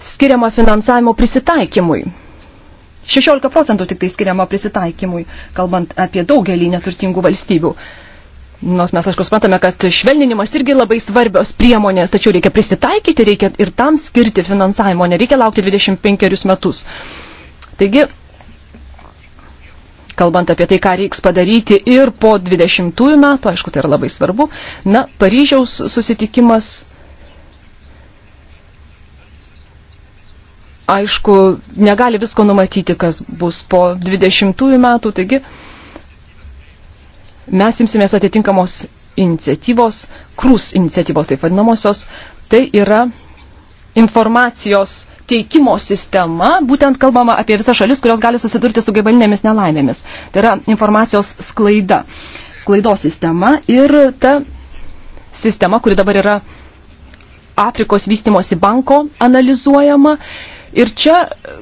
skiriama finansavimo prisitaikymui. 16 procentų tik tai skiriama prisitaikymui, kalbant apie daugelį neturtingų valstybių. Nors mes, aišku, suprantame, kad švelninimas irgi labai svarbios priemonės, tačiau reikia prisitaikyti, reikia ir tam skirti finansavimo, nereikia laukti 25 metus. Taigi, kalbant apie tai, ką reiks padaryti ir po 20 metų, aišku, tai yra labai svarbu. Na, Paryžiaus susitikimas, aišku, negali visko numatyti, kas bus po 20 metų, taigi mes imsimės atitinkamos iniciatyvos, krūs iniciatyvos taip vadinamosios, tai yra informacijos teikimo sistema, būtent kalbama apie visas šalis, kurios gali susidurti su gaivalinėmis nelaimėmis. Tai yra informacijos sklaida, sklaidos sistema ir ta sistema, kuri dabar yra Afrikos vystimosi banko analizuojama. Ir čia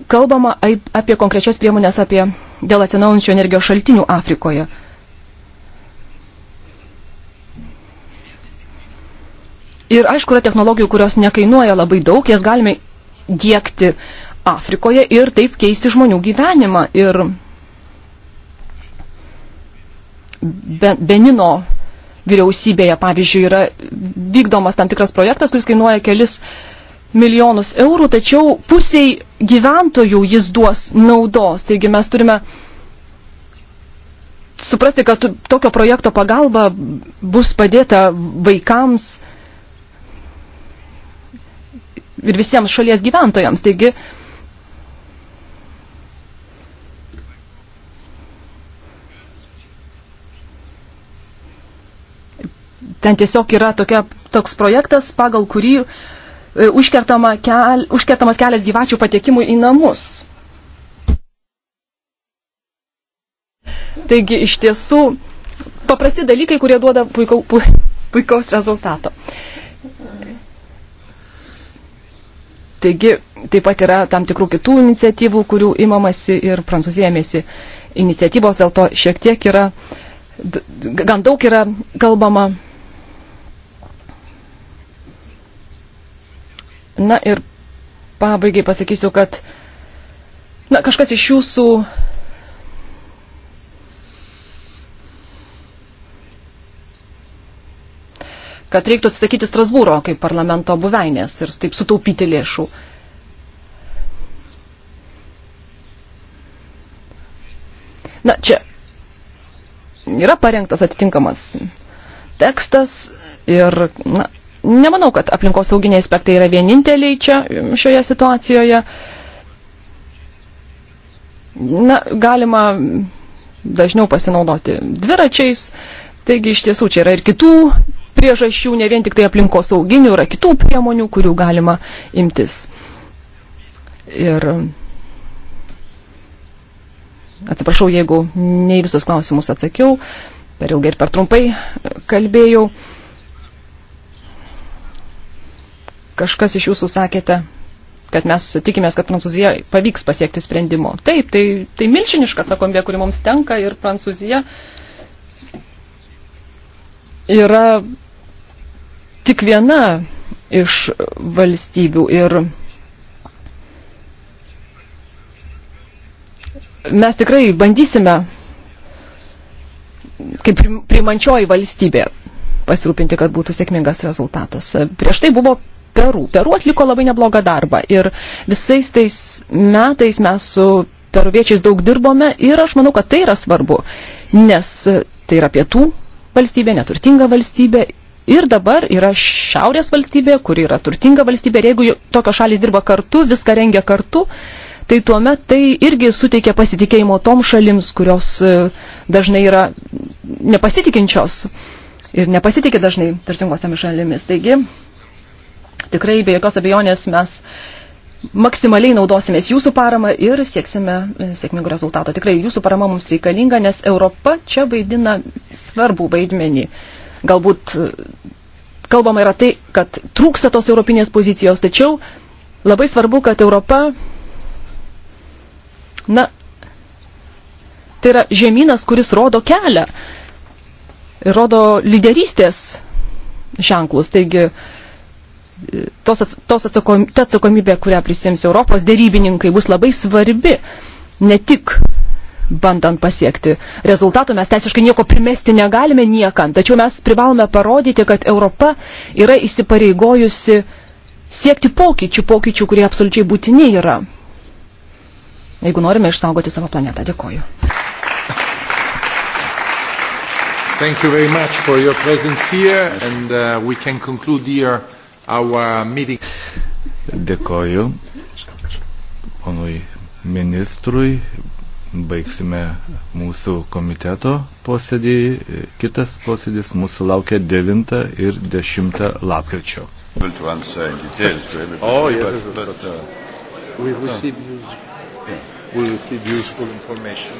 kalbama apie konkrečias priemonės apie dėl atsinaujančių energijos šaltinių Afrikoje. Ir aišku, yra technologijų, kurios nekainuoja labai daug, jas galime dėkti Afrikoje ir taip keisti žmonių gyvenimą. Ir Benino vyriausybėje, pavyzdžiui, yra vykdomas tam tikras projektas, kuris kainuoja kelis milijonus eurų, tačiau pusiai gyventojų jis duos naudos. Taigi mes turime suprasti, kad tokio projekto pagalba bus padėta vaikams, ir visiems šalies gyventojams. Taigi, ten tiesiog yra tokia, toks projektas, pagal kurį e, užkertama kel, užkertamas kelias gyvačių patekimui į namus. Taigi iš tiesų paprasti dalykai, kurie duoda puikau, pu, puikaus rezultato. Taigi, taip pat yra tam tikrų kitų iniciatyvų, kurių imamasi ir Prancūzija mėsi iniciatyvos, dėl to šiek tiek yra, gan daug yra kalbama. Na ir pabaigai pasakysiu, kad na, kažkas iš jūsų kad reiktų atsisakyti Strasbūro kaip parlamento buveinės ir taip sutaupyti lėšų. Na, čia yra parengtas atitinkamas tekstas ir, na, nemanau, kad aplinkos sauginiai aspektai yra vieninteliai čia šioje situacijoje. Na, galima dažniau pasinaudoti dviračiais, taigi iš tiesų čia yra ir kitų priežasčių, ne vien tik tai aplinkos sauginių, yra kitų priemonių, kurių galima imtis. Ir atsiprašau, jeigu ne visus klausimus atsakiau, per ilgai ir per trumpai e, kalbėjau. Kažkas iš jūsų sakėte, kad mes tikimės, kad Prancūzija pavyks pasiekti sprendimo. Taip, tai, tai milžiniška atsakomybė, kuri mums tenka ir Prancūzija uh, yra tik viena iš valstybių ir mes tikrai bandysime kaip primančioji valstybė pasirūpinti, kad būtų sėkmingas rezultatas. Prieš tai buvo Peru. Peru atliko labai neblogą darbą ir visais tais metais mes su peruviečiais daug dirbome ir aš manau, kad tai yra svarbu, nes tai yra pietų valstybė, neturtinga valstybė ir dabar yra šiaurės valstybė, kuri yra turtinga valstybė ir jeigu tokios šalis dirba kartu, viską rengia kartu, tai tuomet tai irgi suteikia pasitikėjimo tom šalims, kurios e, dažnai yra nepasitikinčios ir nepasitikė dažnai turtingosiomis šalimis. Taigi, tikrai be jokios abejonės mes maksimaliai naudosimės jūsų paramą ir sieksime e, sėkmingų rezultato. Tikrai jūsų parama mums reikalinga, nes Europa čia vaidina svarbų vaidmenį. Galbūt e, kalbama yra tai, kad trūksta tos europinės pozicijos, tačiau labai svarbu, kad Europa, na, tai yra žemynas, kuris rodo kelią, rodo lyderystės ženklus. Taigi, uh, tos, tos atsakom, ta atsakomybė, kurią prisims Europos dėrybininkai, bus labai svarbi, ne tik bandant pasiekti rezultatų. Mes teisiškai nieko primesti negalime niekam, tačiau mes privalome parodyti, kad Europa yra įsipareigojusi siekti pokyčių, pokyčių, kurie absoliučiai būtini yra. Jeigu norime išsaugoti savo planetą. Dėkoju. Thank you very much for your presence here and uh, we can conclude here. Dėkoju ponui ministrui. Baigsime mūsų komiteto posėdį. Kitas posėdis mūsų laukia 9 ir 10 lapkričio. Oh, yes, but, but, uh, we received useful information.